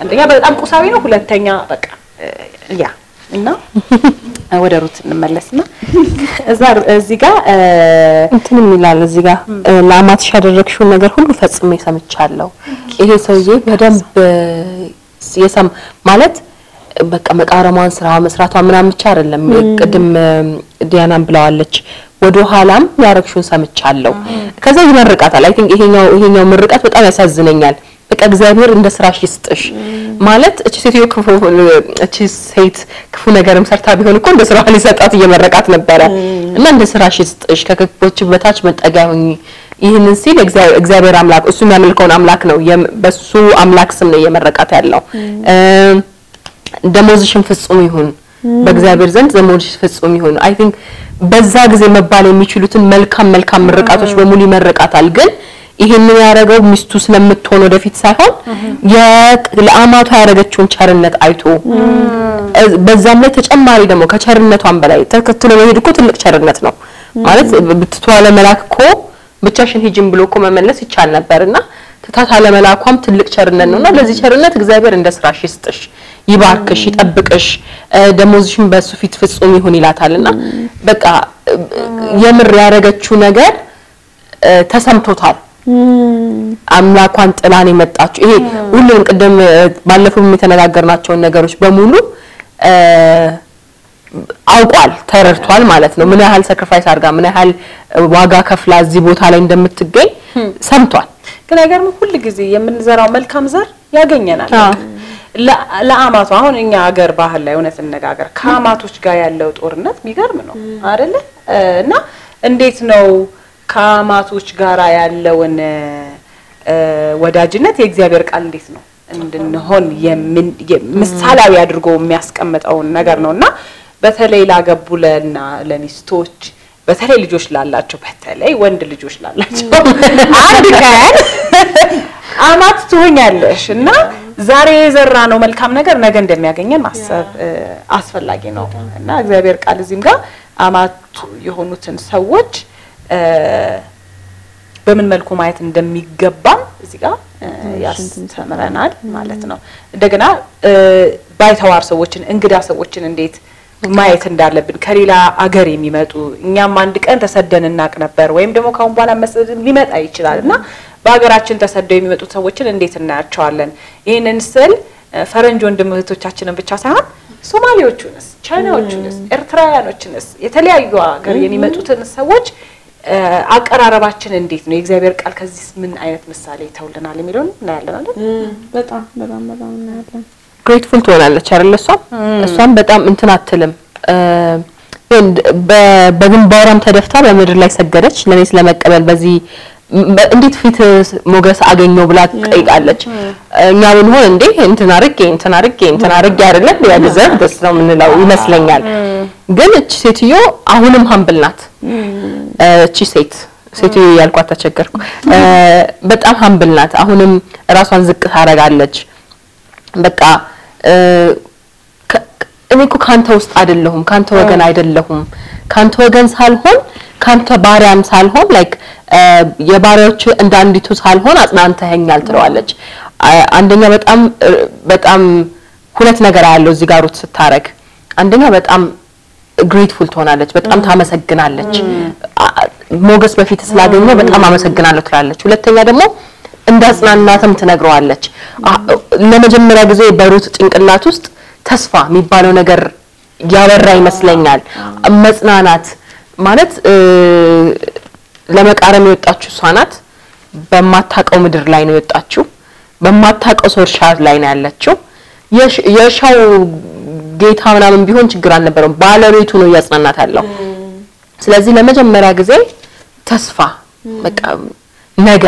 አንደኛ በጣም ቁሳዊ ነው፣ ሁለተኛ በቃ ያ እና ወደ ሩት እንመለስና እዛ እዚህ ጋር እንትን የሚላል እዚህ ጋር ለአማትሽ ያደረግሽውን ነገር ሁሉ ፈጽሜ ሰምቻለሁ። ይሄ ሰውዬ በደንብ የሰም ማለት በቃ መቃረሟን ስራ መስራቷ ምናምን ብቻ አይደለም። ቅድም ዲያናን ብለዋለች ወደ ኋላም ያረግሽውን ሰምቻለሁ። ከዛ ይመርቃታል። አይ ቲንክ ይሄኛው ይሄኛው ምርቃት በጣም ያሳዝነኛል። በቃ እግዚአብሔር እንደ ስራሽ ይስጥሽ ማለት እቺ ሴትዮ ክፉ እቺ ሴት ክፉ ነገርም ሰርታ ቢሆን እኮ እንደ ስራዋ ሊሰጣት እየመረቃት ነበረ። እና እንደ ስራሽ ይስጥሽ፣ ከክፎች በታች መጠጊያ ሁኚ። ይህንን ሲል እግዚአብሔር አምላክ እሱ የሚያመልከውን አምላክ ነው፣ በሱ አምላክ ስም ነው እየመረቃት ያለው። ደሞዝሽን ፍጹም ይሁን በእግዚአብሔር ዘንድ ደሞዝሽ ፍጹም ይሁን። አይ ቲንክ በዛ ጊዜ መባል የሚችሉትን መልካም መልካም ምርቃቶች በሙሉ ይመርቃታል ግን ይሄንን ያደረገው ሚስቱ ስለምትሆን ወደፊት ሳይሆን ለአማቷ ያደረገችውን ቸርነት አይቶ በዛም ላይ ተጨማሪ ደግሞ ከቸርነቷን በላይ ተከትሎ መሄድ እኮ ትልቅ ቸርነት ነው ማለት ብትተዋለ መላክ እኮ ብቻሽን ሂጂን ብሎ እኮ መመለስ ይቻል ነበርና ትታታ ለመላኳም ትልቅ ቸርነት ነውና ለዚህ ቸርነት እግዚአብሔር እንደ ስራሽ ይስጥሽ፣ ይባርክሽ፣ ይጠብቅሽ ደሞዝሽን በሱ ፊት ፍጹም ይሁን ይላታልና በቃ የምር ያደረገችው ነገር ተሰምቶታል። አምላኳን ጥላን የመጣችው ይሄ ሁሉን ቅድም ባለፈው የተነጋገርናቸውን ነገሮች በሙሉ አውቋል፣ ተረድቷል ማለት ነው። ምን ያህል ሰክሪፋይስ አድርጋ ምን ያህል ዋጋ ከፍላ እዚህ ቦታ ላይ እንደምትገኝ ሰምቷል። ግን አይገርምም? ሁል ጊዜ የምንዘራው መልካም ዘር ያገኘናል። ለአማቱ አሁን እኛ ሀገር ባህል ላይ እውነት እንነጋገር፣ ከአማቶች ጋር ያለው ጦርነት የሚገርም ነው አይደለ? እና እንዴት ነው ከአማቶች ጋር ያለውን ወዳጅነት የእግዚአብሔር ቃል እንዴት ነው እንድንሆን ምሳሌያዊ አድርጎ የሚያስቀምጠውን ነገር ነው እና በተለይ ላገቡ ለና ለሚስቶች በተለይ ልጆች ላላቸው በተለይ ወንድ ልጆች ላላቸው አንድ ቀን አማት ትሆኛለሽ እና ዛሬ የዘራ ነው መልካም ነገር ነገ እንደሚያገኘን ማሰብ አስፈላጊ ነው እና እግዚአብሔር ቃል እዚህም ጋር አማቱ የሆኑትን ሰዎች በምን መልኩ ማየት እንደሚገባም እዚህ ጋር ያስተምረናል ማለት ነው። እንደገና ባይተዋር ሰዎችን እንግዳ ሰዎችን እንዴት ማየት እንዳለብን ከሌላ አገር የሚመጡ እኛም አንድ ቀን ተሰደን እናቅ ነበር ወይም ደግሞ ካሁን በኋላ ሊመጣ ይችላል እና በሀገራችን ተሰደው የሚመጡት ሰዎችን እንዴት እናያቸዋለን? ይህንን ስል ፈረንጅ ወንድም እህቶቻችንን ብቻ ሳይሆን ሶማሌዎቹንስ፣ ቻይናዎቹንስ፣ ኤርትራውያኖችንስ የተለያዩ ሀገር የሚመጡትን ሰዎች አቀራረባችን እንዴት ነው? የእግዚአብሔር ቃል ከዚህ ምን አይነት ምሳሌ ይተውልናል የሚለውን እናያለን አይደል? በጣም በጣም በጣም እናያለን። ግሬትፉል ትሆናለች አይደል? እሷም እሷም በጣም እንትን አትልም። በግንባሯም ተደፍታ በምድር ላይ ሰገደች፣ ለእኔ ስለመቀበል በዚህ እንዴት ፊት ሞገስ አገኘው ብላ ጠይቃለች። እኛ ብንሆን እንዴ እንትን አድርጌ እንትን አድርጌ እንትን አድርጌ አይደለም ያ ጊዜ ደስ ነው የምንለው ይመስለኛል። ግን እቺ ሴትዮ አሁንም ሀምብል ናት። እቺ ሴት ሴትዮ ያልኳት ተቸገርኩ። በጣም ሀምብል ናት። አሁንም ራሷን ዝቅ ታደርጋለች። በቃ እኔ እኮ ካንተ ውስጥ አይደለሁም፣ ካንተ ወገን አይደለሁም፣ ካንተ ወገን ሳልሆን ካንተ ባሪያም ሳልሆን ላይክ የባሪያዎች እንደ አንዲቱ ሳልሆን አጽናንተኸኛል ትለዋለች። አንደኛ በጣም በጣም ሁለት ነገር ያለው እዚህ ጋር ሩት ስታረግ አንደኛ በጣም ግሬትፉል ትሆናለች፣ በጣም ታመሰግናለች። ሞገስ በፊት ስላገኘ በጣም አመሰግናለሁ ትላለች። ሁለተኛ ደግሞ እንዳጽናናትም ትነግረዋለች። ለመጀመሪያ ጊዜ በሩት ጭንቅላት ውስጥ ተስፋ የሚባለው ነገር ያበራ ይመስለኛል። መጽናናት ማለት ለመቃረም የወጣችሁ እሷ ናት። በማታቀው ምድር ላይ ነው የወጣችሁ። በማታቀው ሰው እርሻ ላይ ነው ያለችው። የእርሻው ጌታ ምናምን ቢሆን ችግር አልነበረም። ባለቤቱ ነው እያጽናናት ያለው። ስለዚህ ለመጀመሪያ ጊዜ ተስፋ በቃ ነገ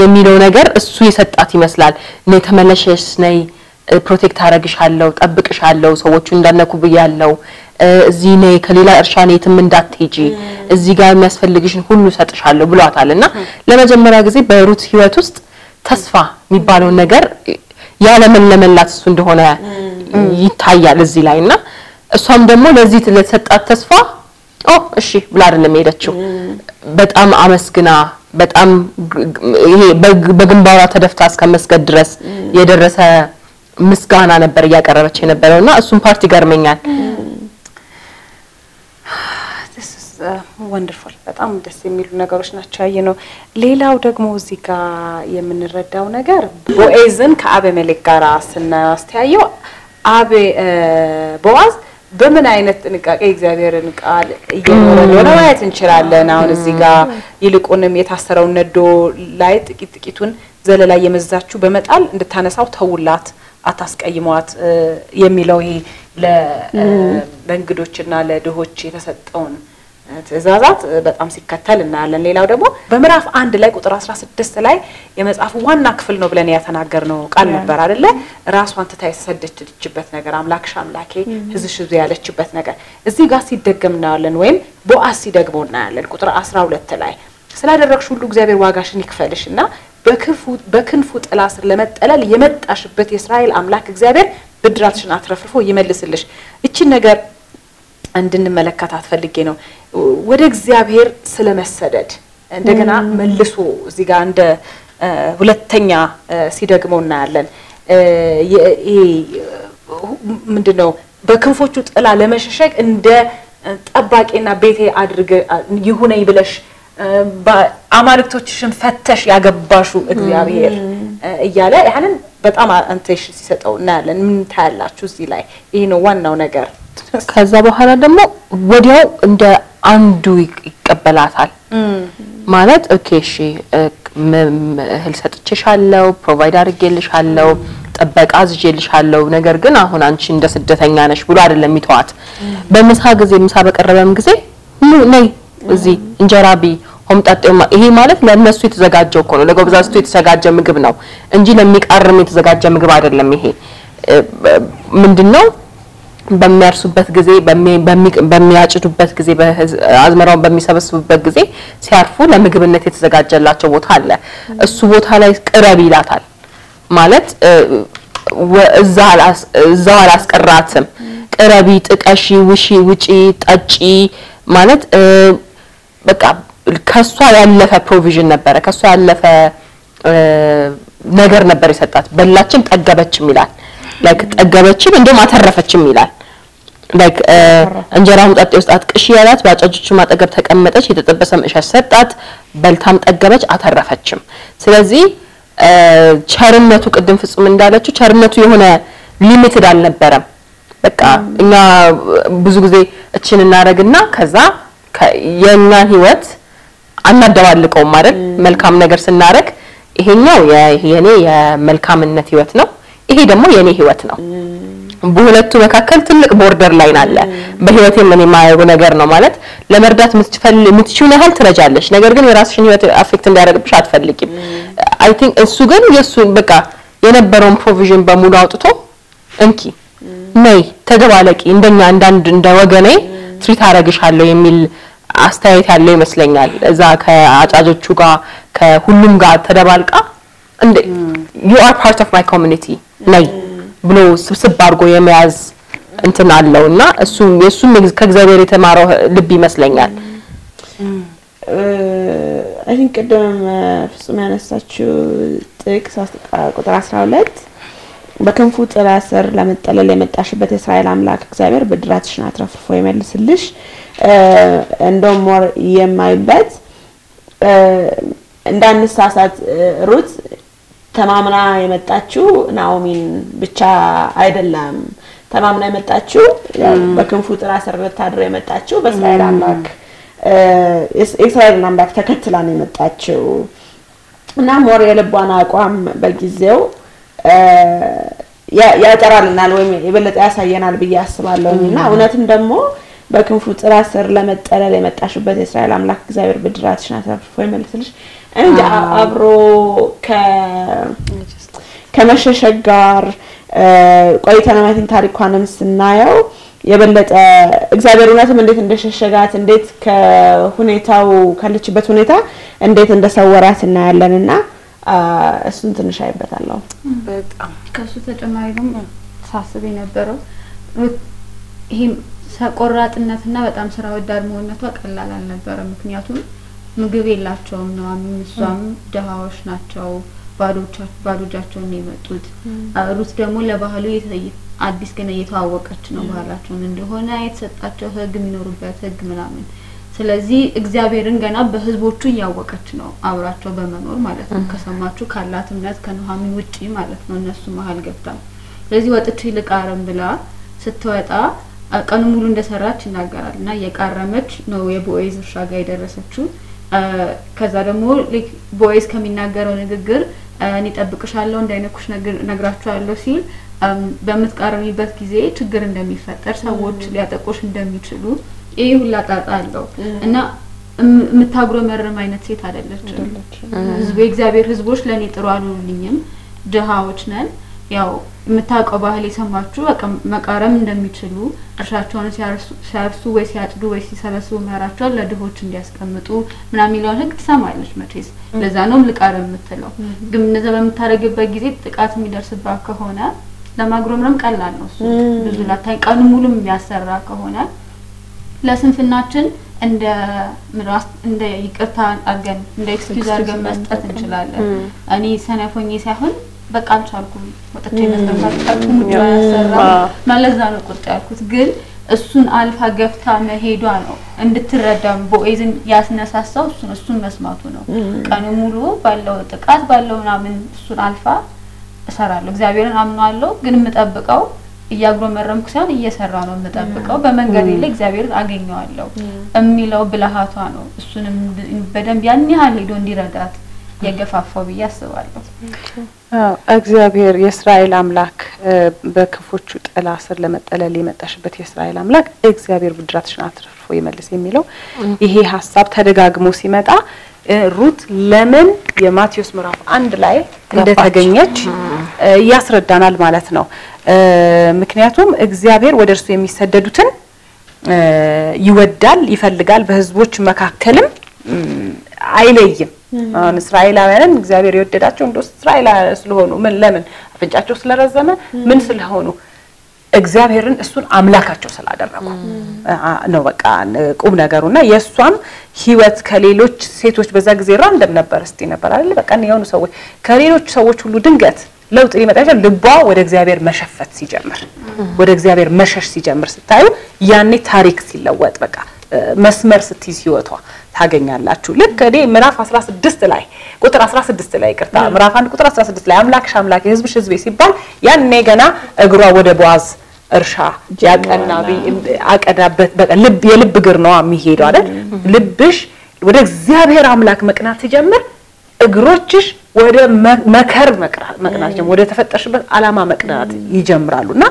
የሚለው ነገር እሱ የሰጣት ይመስላል። ነይ ተመለሸሽ፣ ነይ ፕሮቴክት አረግሻለሁ፣ ጠብቅሻለሁ፣ ሰዎቹ እንዳነኩ ብያለሁ፣ እዚህ ነይ፣ ከሌላ እርሻ የትም እንዳትሄጂ፣ እዚህ ጋር የሚያስፈልግሽን ሁሉ ሰጥሻለሁ ብሏታል። እና ለመጀመሪያ ጊዜ በሩት ህይወት ውስጥ ተስፋ የሚባለውን ነገር ያለመለመላት እሱ እንደሆነ ይታያል እዚህ ላይ እና እሷም ደግሞ ለዚህ ለተሰጣት ተስፋ ኦ እሺ ብላ አይደለም ሄደችው። በጣም አመስግና በጣም ይሄ በግንባሯ ተደፍታ እስከ መስገድ ድረስ የደረሰ ምስጋና ነበር እያቀረበች የነበረው እና እሱም ፓርቲ ገርመኛል ወንደርፉል uh, በጣም ደስ የሚሉ ነገሮች ናቸው ያየ ነው። ሌላው ደግሞ እዚህ ጋር የምንረዳው ነገር ቦኤዝን ከአበሜሌክ ጋር ስናስተያየው አቤ ቦዋዝ በምን አይነት ጥንቃቄ እግዚአብሔርን ቃል እየኖረ እንደሆነ ማየት እንችላለን። አሁን እዚህ ጋር ይልቁንም የታሰረውን ነዶ ላይ ጥቂት ጥቂቱን ዘለላ እየመዛችሁ በመጣል እንድታነሳው ተውላት፣ አታስቀይሟት የሚለው ይሄ ለእንግዶችና ለድሆች የተሰጠውን ትእዛዛት በጣም ሲከተል እናያለን። ሌላው ደግሞ በምዕራፍ አንድ ላይ ቁጥር 16 ላይ የመጽሐፉ ዋና ክፍል ነው ብለን ያተናገር ነው ቃል ነበር አደለ? ራሷን ትታ የተሰደደችበት ነገር አምላክሽ አምላኬ ህዝሽ ሕዝቤ ያለችበት ነገር እዚህ ጋር ሲደገም እናያለን፣ ወይም ቦአስ ሲደግሞ እናያለን። ቁጥር 12 ላይ ስላደረግሽ ሁሉ እግዚአብሔር ዋጋሽን ይክፈልሽ እና በክንፉ ጥላ ስር ለመጠለል የመጣሽበት የእስራኤል አምላክ እግዚአብሔር ብድራትሽን አትረፍርፎ ይመልስልሽ። እቺን ነገር እንድንመለከታት ፈልጌ ነው። ወደ እግዚአብሔር ስለመሰደድ እንደገና መልሶ እዚህ ጋር እንደ ሁለተኛ ሲደግመው እናያለን። ምንድን ነው በክንፎቹ ጥላ ለመሸሸግ እንደ ጠባቂና ቤቴ አድርገ ይሁነኝ ብለሽ አማልክቶችሽን ፈተሽ ያገባሹ እግዚአብሔር እያለ ያንን በጣም አንተሽ ሲሰጠው እናያለን። ምን ታያላችሁ እዚህ ላይ? ይሄ ነው ዋናው ነገር። ከዛ በኋላ ደግሞ ወዲያው እንደ አንዱ ይቀበላታል ማለት ኦኬ እሺ እህል ሰጥቼሻለሁ፣ ፕሮቫይድ አድርጌልሻለሁ፣ ጥበቃ አዝዤልሻለሁ። ነገር ግን አሁን አንቺ እንደ ስደተኛ ነሽ ብሎ አይደለም የሚተዋት። በምሳ ጊዜ ምሳ በቀረበም ጊዜ ኑ ነይ እዚህ እንጀራ ቢ ሆምጣጤ። ይሄ ማለት ለነሱ የተዘጋጀው እኮ ነው፣ ለጎበዛዝቱ የተዘጋጀ ምግብ ነው እንጂ ለሚቃርም የተዘጋጀ ምግብ አይደለም። ይሄ ምንድነው በሚያርሱበት ጊዜ በሚያጭዱበት ጊዜ አዝመራውን በሚሰበስቡበት ጊዜ ሲያርፉ ለምግብነት የተዘጋጀላቸው ቦታ አለ። እሱ ቦታ ላይ ቅረብ ይላታል ማለት እዛው አላስቀራትም። ቅረቢ፣ ጥቀሺ፣ ውሺ፣ ውጪ፣ ጠጪ ማለት በቃ ከሷ ያለፈ ፕሮቪዥን ነበረ። ከሷ ያለፈ ነገር ነበር የሰጣት። በላችም ጠገበችም ይላል ላይክ ጠገበችም እንደውም አተረፈችም ይላል ላይክ uh, እንጀራ ሁጣጤ ውስጥ አጥቅሽ ያላት በአጫጆቹ ማጠገብ ተቀመጠች። የተጠበሰ ምእሻት ሰጣት፣ በልታም ጠገበች፣ አተረፈችም። ስለዚህ uh, ቸርነቱ ቅድም ፍጹም እንዳለችው ቸርነቱ የሆነ ሊሚትድ አልነበረም። በቃ እኛ ብዙ ጊዜ እችን እናደርግና ከዛ የእኛን ህይወት አናደባልቀውም አይደል? መልካም ነገር ስናደርግ ይሄኛው የኔ የመልካምነት ህይወት ነው፣ ይሄ ደግሞ የኔ ህይወት ነው በሁለቱ መካከል ትልቅ ቦርደር ላይን አለ። በህይወት ምን የማየው ነገር ነው ማለት ለመርዳት የምትችይውን ያህል ትረጃለሽ፣ ነገር ግን የራስሽን ህይወት አፌክት እንዲያደርግብሽ አትፈልጊም። አይ ቲንክ እሱ ግን የሱ በቃ የነበረውን ፕሮቪዥን በሙሉ አውጥቶ እንኪ ነይ ተደባለቂ፣ እንደኛ እንዳንድ እንደ ወገኔ ትሪት አረግሻለሁ የሚል አስተያየት ያለው ይመስለኛል። እዛ ከአጫጆቹ ጋር ከሁሉም ጋር ተደባልቃ እንዴ ዩ አር ፓርት ኦፍ ማይ ኮሚኒቲ ነይ ብሎ ስብስብ አድርጎ የመያዝ እንትን አለው እና እሱ የሱም ከእግዚአብሔር የተማረው ልብ ይመስለኛል። አይን ቅድም ፍጹም ያነሳችው ጥቅስ ቁጥር 12 በክንፉ ጥላ ስር ለመጠለል የመጣሽበት የእስራኤል አምላክ እግዚአብሔር ብድራትሽን አትረፍርፎ ይመልስልሽ። እንደውም ሞር የማይበት እንዳንሳሳት ሩት ተማምና የመጣችው ናኦሚን ብቻ አይደለም። ተማምና የመጣችው በክንፉ ጥላ ስር ልታድር የመጣችው በእስራኤል አምላክ የእስራኤልን አምላክ ተከትላ ነው የመጣችው እና ሞር የልቧን አቋም በጊዜው ያጠራልናል ወይም የበለጠ ያሳየናል ብዬ አስባለሁ። እና እውነትም ደግሞ በክንፉ ጥላ ስር ለመጠለል የመጣሽበት የእስራኤል አምላክ እግዚአብሔር ብድራትሽን አትርፎ ይመልስልሽ እንደ አብሮ ከመሸሸግ ጋር ቆይተን ማለትም ታሪኳንም ስናየው የበለጠ እግዚአብሔር እውነትም እንዴት እንደሸሸጋት እንዴት ከሁኔታው ካለችበት ሁኔታ እንዴት እንደሰወራት እናያለን እና እሱን ትንሽ አይበታለሁ። በጣም ከእሱ ተጨማሪ ደግሞ ሳስብ የነበረው ይህም ቆራጥነትና በጣም ስራ ወዳድ መሆነቷ ቀላል አልነበረ። ምክንያቱም ምግብ የላቸውም ነው እሷም ድሀዎች ናቸው ባዶ እጃቸውን ነው የመጡት። ሩት ደግሞ ለባህሉ አዲስ ግን እየተዋወቀች ነው ባህላቸውን እንደሆነ የተሰጣቸው ህግ የሚኖሩበት ህግ ምናምን ስለዚህ እግዚአብሔርን ገና በህዝቦቹ እያወቀች ነው አብራቸው በመኖር ማለት ነው። ከሰማችሁ ካላት እምነት ከኑሀሚ ውጪ ማለት ነው እነሱ መሀል ገብታ ስለዚህ ወጥቼ ልቃረም ብላ ስትወጣ ቀኑ ሙሉ እንደሰራች ይናገራል እና እየቃረመች ነው የቦኤዝ እርሻ ጋር የደረሰችው። ከዛ ደግሞ ቦይስ ከሚናገረው ንግግር እኔ ጠብቅሻለሁ እንዳይነኩሽ ነግራችኋለሁ ሲል በምትቃረሚበት ጊዜ ችግር እንደሚፈጠር ሰዎች ሊያጠቁሽ እንደሚችሉ ይህ ሁላ ጣጣ አለው እና የምታጉረመርም አይነት ሴት አይደለችም። ህዝቡ የእግዚአብሔር ህዝቦች ለእኔ ጥሩ አልሆኑልኝም፣ ድሀዎች ነን ያው የምታውቀው ባህል የሰማችሁ በቃ መቃረም እንደሚችሉ እርሻቸውን ሲያርሱ ወይ ሲያጭዱ ወይ ሲሰበስቡ መኸራቸውን ለድሆች እንዲያስቀምጡ ምናምን የሚለውን ህግ ትሰማለች መቼስ። ለዛ ነው ልቃረም የምትለው። ግን እነዚ በምታደርግበት ጊዜ ጥቃት የሚደርስባት ከሆነ ለማጉረምረም ቀላል ነው ብዙ ላታኝ ቀኑ ሙሉም የሚያሰራ ከሆነ ለስንፍናችን እንደ ምራስ እንደ ይቅርታ አድርገን እንደ ኤክስኪዝ አድርገን መስጠት እንችላለን። እኔ ሰነፎኜ ሳይሆን በቃ አልቻልኩም። ወጥቼ መዝናናት ሙድ ያሰራ ማለዛ ነው ቁጥ ያልኩት ግን እሱን አልፋ ገፍታ መሄዷ ነው እንድትረዳም ቦኤዝን ያስነሳሳው እሱን እሱን መስማቱ ነው። ቀኑ ሙሉ ባለው ጥቃት ባለው ምናምን እሱን አልፋ እሰራለሁ። እግዚአብሔርን አምኗለሁ። ግን የምጠብቀው መረምኩ ሳይሆን እየሰራ ነው የምጠብቀው። በመንገድ ላይ እግዚአብሔርን አገኘዋለሁ የሚለው ብልሃቷ ነው። እሱንም በደንብ ያን ያህል ሄዶ እንዲረዳት የገፋፋው ብዬ አስባለሁ። እግዚአብሔር የእስራኤል አምላክ በክንፎቹ ጥላ ስር ለመጠለል የመጣሽበት የእስራኤል አምላክ እግዚአብሔር ብድራትሽን አትርፎ ይመልስ የሚለው ይሄ ሀሳብ ተደጋግሞ ሲመጣ ሩት ለምን የማቴዎስ ምዕራፍ አንድ ላይ እንደተገኘች ያስረዳናል ማለት ነው። ምክንያቱም እግዚአብሔር ወደ እርሱ የሚሰደዱትን ይወዳል፣ ይፈልጋል። በህዝቦች መካከልም አይለይም። አሁን እስራኤላውያንን እግዚአብሔር የወደዳቸው እንደ እስራኤላውያን ስለሆኑ ምን ለምን አፍንጫቸው ስለረዘመ ምን ስለሆኑ እግዚአብሔርን እሱን አምላካቸው ስላደረጉ ነው። በቃ ቁም ነገሩና የእሷም ህይወት ከሌሎች ሴቶች በዛ ጊዜ ራንደም ነበር እስቲ ነበር አይደል? በቃ የሆኑ ሰዎች ከሌሎች ሰዎች ሁሉ ድንገት ለውጥ ሊመጣ ይችላል። ልቧ ወደ እግዚአብሔር መሸፈት ሲጀምር፣ ወደ እግዚአብሔር መሸሽ ሲጀምር ስታዩ ያኔ ታሪክ ሲለወጥ በቃ መስመር ስትይዝ ሕይወቷ ታገኛላችሁ። ልክ እኔ ምዕራፍ 16 ላይ ቁጥር 16 ላይ ይቅርታ፣ ምዕራፍ 1 ቁጥር 16 ላይ አምላክሽ አምላክ ሕዝብሽ ሕዝቤ ሲባል ያኔ ገና እግሯ ወደ ቧዝ እርሻ ያቀና አቀዳበት ልብ የልብ እግር ነው የሚሄደው አይደል? ልብሽ ወደ እግዚአብሔር አምላክ መቅናት ሲጀምር እግሮችሽ ወደ መከር መቅናት ጀምር ወደ ተፈጠርሽበት አላማ መቅናት እና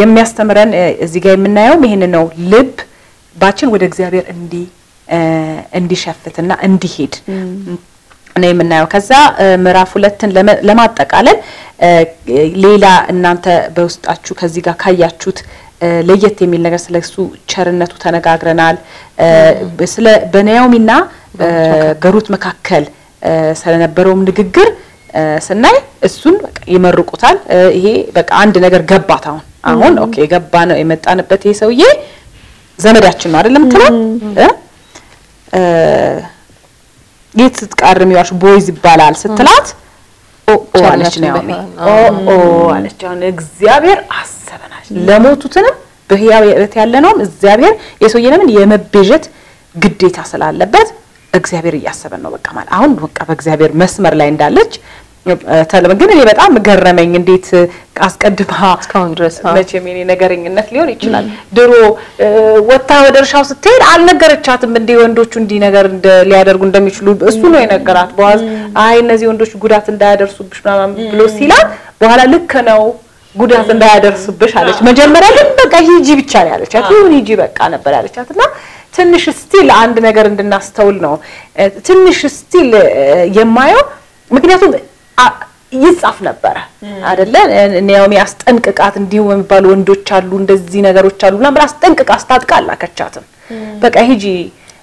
የሚያስተምረን እዚህ ጋር የምናየውም ይህን ነው። ልብ ባችን ወደ እግዚአብሔር እንዲ እንዲሸፍትና እንዲሄድ ነው የምናየው። ከዛ ምዕራፍ ሁለትን ለማጠቃለል ሌላ እናንተ በውስጣችሁ ከዚህ ጋር ካያችሁት ለየት የሚል ነገር ስለ እሱ ቸርነቱ ተነጋግረናል። ስለ በናኦሚና በሩት መካከል ስለነበረውም ንግግር ስናይ እሱን ይመርቁታል። ይሄ በቃ አንድ ነገር ገባት። አሁን አሁን ኦኬ ገባ ነው የመጣንበት። ይሄ ሰውዬ ዘመዳችን ነው አይደለም ትለው የት ስትቃርሚ ዋልሽ? ቦይዝ ይባላል ስትላት ኦ አለች ነው ኦ ኦ አለች። አሁን እግዚአብሔር አሰበናች። ለሞቱትንም በህያው የእለት ያለ ያለነውም እግዚአብሔር የሰውየነምን የመቤዠት ግዴታ ስላለበት እግዚአብሔር እያሰበን ነው። በቃ ማለት አሁን በቃ በእግዚአብሔር መስመር ላይ እንዳለች ግን እኔ በጣም ገረመኝ። እንዴት አስቀድማ እስካሁን ድረስ መቼም የኔ ነገረኝነት ሊሆን ይችላል። ድሮ ወታ ወደ እርሻው ስትሄድ አልነገረቻትም እንዴ ወንዶቹ እንዲህ ነገር ሊያደርጉ እንደሚችሉ እሱ ነው የነገራት። በኋላ አይ እነዚህ ወንዶች ጉዳት እንዳያደርሱብሽ ምናምን ብሎ ሲላት በኋላ ልክ ነው ጉዳት እንዳያደርሱብሽ አለች። መጀመሪያ ግን በቃ ሂጂ ብቻ ነው ያለቻት። ይሁን ሂጂ በቃ ነበር ያለቻት እና ትንሽ ስቲል አንድ ነገር እንድናስተውል ነው ትንሽ ስቲል የማየው ምክንያቱም ይጻፍ ነበረ አይደለ? ኔኦሚ አስጠንቅቃት፣ እንዲሁ የሚባሉ ወንዶች አሉ፣ እንደዚህ ነገሮች አሉ ብላ አስጠንቅቃ አስታጥቃ አላከቻትም። በቃ ሂጂ።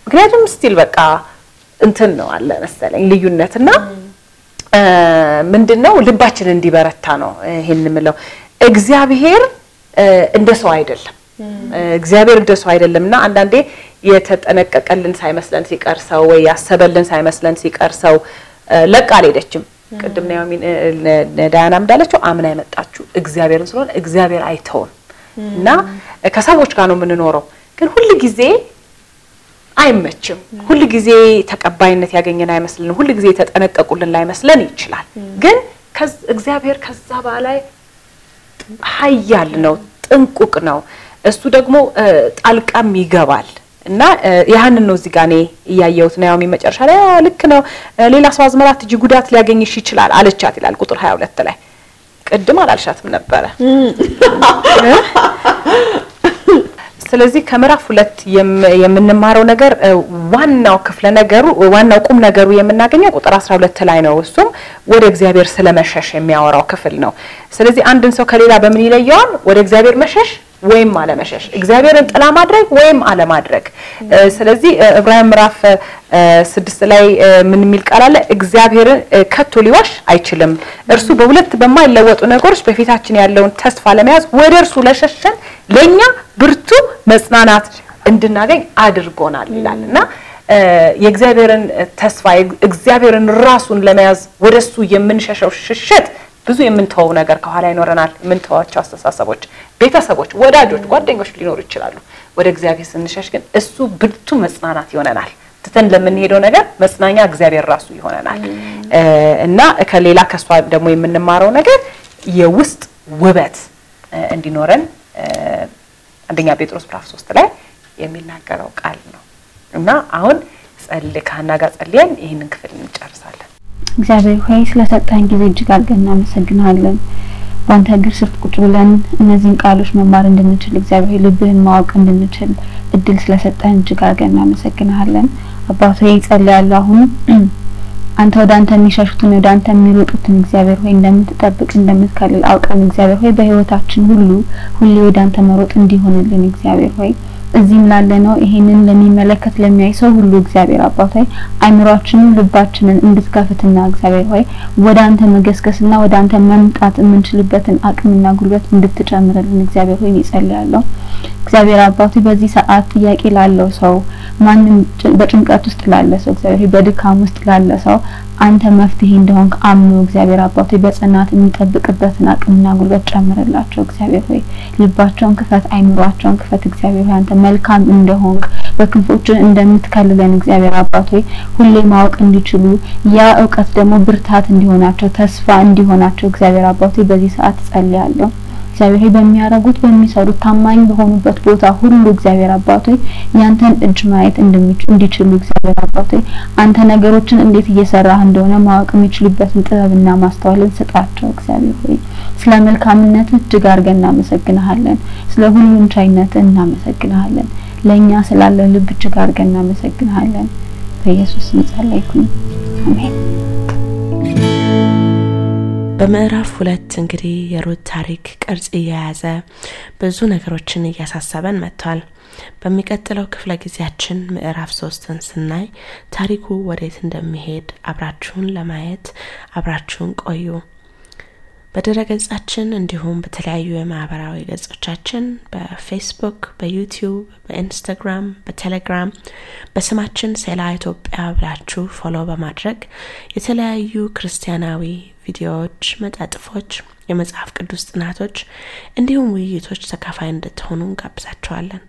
ምክንያቱም ስቲል በቃ እንትን ነው አለ መሰለኝ ልዩነትና ምንድን ነው ልባችን እንዲበረታ ነው ይሄን የምለው። እግዚአብሔር እንደ ሰው አይደለም። እግዚአብሔር እንደ ሰው አይደለም እና አንዳንዴ የተጠነቀቀልን ሳይመስለን ሲቀርሰው ወይ ያሰበልን ሳይመስለን ሲቀርሰው ለቃ አልሄደችም። ቅድም ናዮሚ ዳያና እንዳለችው አምና የመጣችው እግዚአብሔርን ስለሆነ እግዚአብሔር አይተውም እና ከሰዎች ጋር ነው የምንኖረው። ግን ሁል ጊዜ አይመችም። ሁል ጊዜ ተቀባይነት ያገኘን አይመስልንም። ሁል ጊዜ የተጠነቀቁልን ላይመስለን ይችላል። ግን እግዚአብሔር ከዛ በላይ ኃያል ነው፣ ጥንቁቅ ነው። እሱ ደግሞ ጣልቃም ይገባል። እና ያህንን ነው እዚህ ጋ እኔ እያየሁት ነው። ያውሚ መጨረሻ ላይ ልክ ነው፣ ሌላ ሰው አዝመራት እጅ ጉዳት ሊያገኝሽ ይችላል አለቻት ይላል ቁጥር ሀያ ሁለት ላይ ቅድም አላልሻትም ነበረ። ስለዚህ ከምዕራፍ ሁለት የምንማረው ነገር ዋናው ክፍለ ነገሩ ዋናው ቁም ነገሩ የምናገኘው ቁጥር አስራ ሁለት ላይ ነው። እሱም ወደ እግዚአብሔር ስለመሸሽ የሚያወራው ክፍል ነው። ስለዚህ አንድን ሰው ከሌላ በምን ይለየዋል? ወደ እግዚአብሔር መሸሽ ወይም አለመሸሽ፣ እግዚአብሔርን ጥላ ማድረግ ወይም አለማድረግ። ስለዚህ ዕብራውያን ምዕራፍ ስድስት ላይ ምን የሚል ቃል አለ? እግዚአብሔርን ከቶ ሊዋሽ አይችልም። እርሱ በሁለት በማይለወጡ ነገሮች በፊታችን ያለውን ተስፋ ለመያዝ ወደ እርሱ ለሸሸን ለእኛ ብርቱ መጽናናት እንድናገኝ አድርጎናል ይላል እና የእግዚአብሔርን ተስፋ እግዚአብሔርን ራሱን ለመያዝ ወደሱ የምንሸሸው ሽሸት ብዙ የምንተወው ነገር ከኋላ ይኖረናል። የምንተዋቸው አስተሳሰቦች፣ ቤተሰቦች፣ ወዳጆች፣ ጓደኞች ሊኖሩ ይችላሉ። ወደ እግዚአብሔር ስንሸሽ ግን እሱ ብርቱ መጽናናት ይሆነናል። ትተን ለምንሄደው ነገር መጽናኛ እግዚአብሔር ራሱ ይሆነናል እና ከሌላ ከእሷ ደግሞ የምንማረው ነገር የውስጥ ውበት እንዲኖረን አንደኛ ጴጥሮስ ምዕራፍ ሶስት ላይ የሚናገረው ቃል ነው እና አሁን ጸል ከሀና ጋር ጸልየን ይህንን ክፍል እንጨርሳለን። እግዚአብሔር ሆይ ስለሰጠን ጊዜ እጅግ አድርገን እናመሰግናለን። በአንተ እግር ስር ቁጭ ብለን እነዚህን ቃሎች መማር እንድንችል እግዚአብሔር ልብህን ማወቅ እንድንችል እድል ስለሰጠን እጅግ አድርገን እናመሰግናለን። አባቶ ሆይ ጸልያለሁ አሁን አንተ ወደ አንተ የሚሸሹትን ወደ አንተ የሚሮጡትን እግዚአብሔር ሆይ እንደምትጠብቅ እንደምትከልል አውቀን እግዚአብሔር ሆይ በህይወታችን ሁሉ ሁሌ ወደ አንተ መሮጥ እንዲሆንልን እግዚአብሔር ሆይ እዚህም ላለ ነው ይሄንን ለሚመለከት ለሚያይ ሰው ሁሉ እግዚአብሔር አባት ሆይ አይምሯችንን ልባችንን እንድትከፍትና እግዚአብሔር ሆይ ወደ አንተ መገስገስና ወደ አንተ መምጣት የምንችልበትን አቅምና ጉልበት እንድትጨምርልን እግዚአብሔር ሆይ ይጸልያለሁ። እግዚአብሔር አባት ሆይ በዚህ ሰዓት ጥያቄ ላለው ሰው ማንም በጭንቀት ውስጥ ላለ ሰው እግዚአብሔር በድካም ውስጥ ላለ ሰው አንተ መፍትሄ እንደሆንክ አምነው እግዚአብሔር አባቶ በጽናት የሚጠብቅበትን አቅምና ጉልበት ጨምርላቸው። እግዚአብሔር ሆይ ልባቸውን ክፈት፣ አይምሯቸውን ክፈት። እግዚአብሔር ሆይ አንተ መልካም እንደሆንክ በክንፎችን እንደምትከልለን እግዚአብሔር አባቶ ሁሌ ማወቅ እንዲችሉ ያ እውቀት ደግሞ ብርታት እንዲሆናቸው ተስፋ እንዲሆናቸው እግዚአብሔር አባቶ በዚህ ሰዓት ጸልያለሁ። እግዚአብሔር በሚያረጉት በሚሰሩት ታማኝ በሆኑበት ቦታ ሁሉ እግዚአብሔር አባቶ ያንተን እጅ ማየት እንዲችሉ እግዚአብሔር አባቶ አንተ ነገሮችን እንዴት እየሰራህ እንደሆነ ማወቅ የሚችሉበትን ጥበብና ማስተዋልን ስጣቸው። እግዚአብሔር ሆይ ስለ መልካምነት እጅግ አድርገን እናመሰግንሃለን። ስለ ሁሉም ቻይነት እናመሰግንሃለን። ለእኛ ስላለ ልብ እጅግ አድርገን እናመሰግንሃለን። በኢየሱስ ስም ጸለይኩኝ፣ አሜን። በምዕራፍ ሁለት እንግዲህ የሩት ታሪክ ቅርጽ እየያዘ ብዙ ነገሮችን እያሳሰበን መጥቷል። በሚቀጥለው ክፍለ ጊዜያችን ምዕራፍ ሶስትን ስናይ ታሪኩ ወዴት እንደሚሄድ አብራችሁን ለማየት አብራችሁን ቆዩ። በድረ ገጻችን እንዲሁም በተለያዩ የማህበራዊ ገጾቻችን በፌስቡክ፣ በዩቲዩብ፣ በኢንስታግራም፣ በቴሌግራም በስማችን ሴላ ኢትዮጵያ ብላችሁ ፎሎ በማድረግ የተለያዩ ክርስቲያናዊ ቪዲዮዎች፣ መጣጥፎች፣ የመጽሐፍ ቅዱስ ጥናቶች እንዲሁም ውይይቶች ተካፋይ እንድትሆኑ እንጋብዛችኋለን።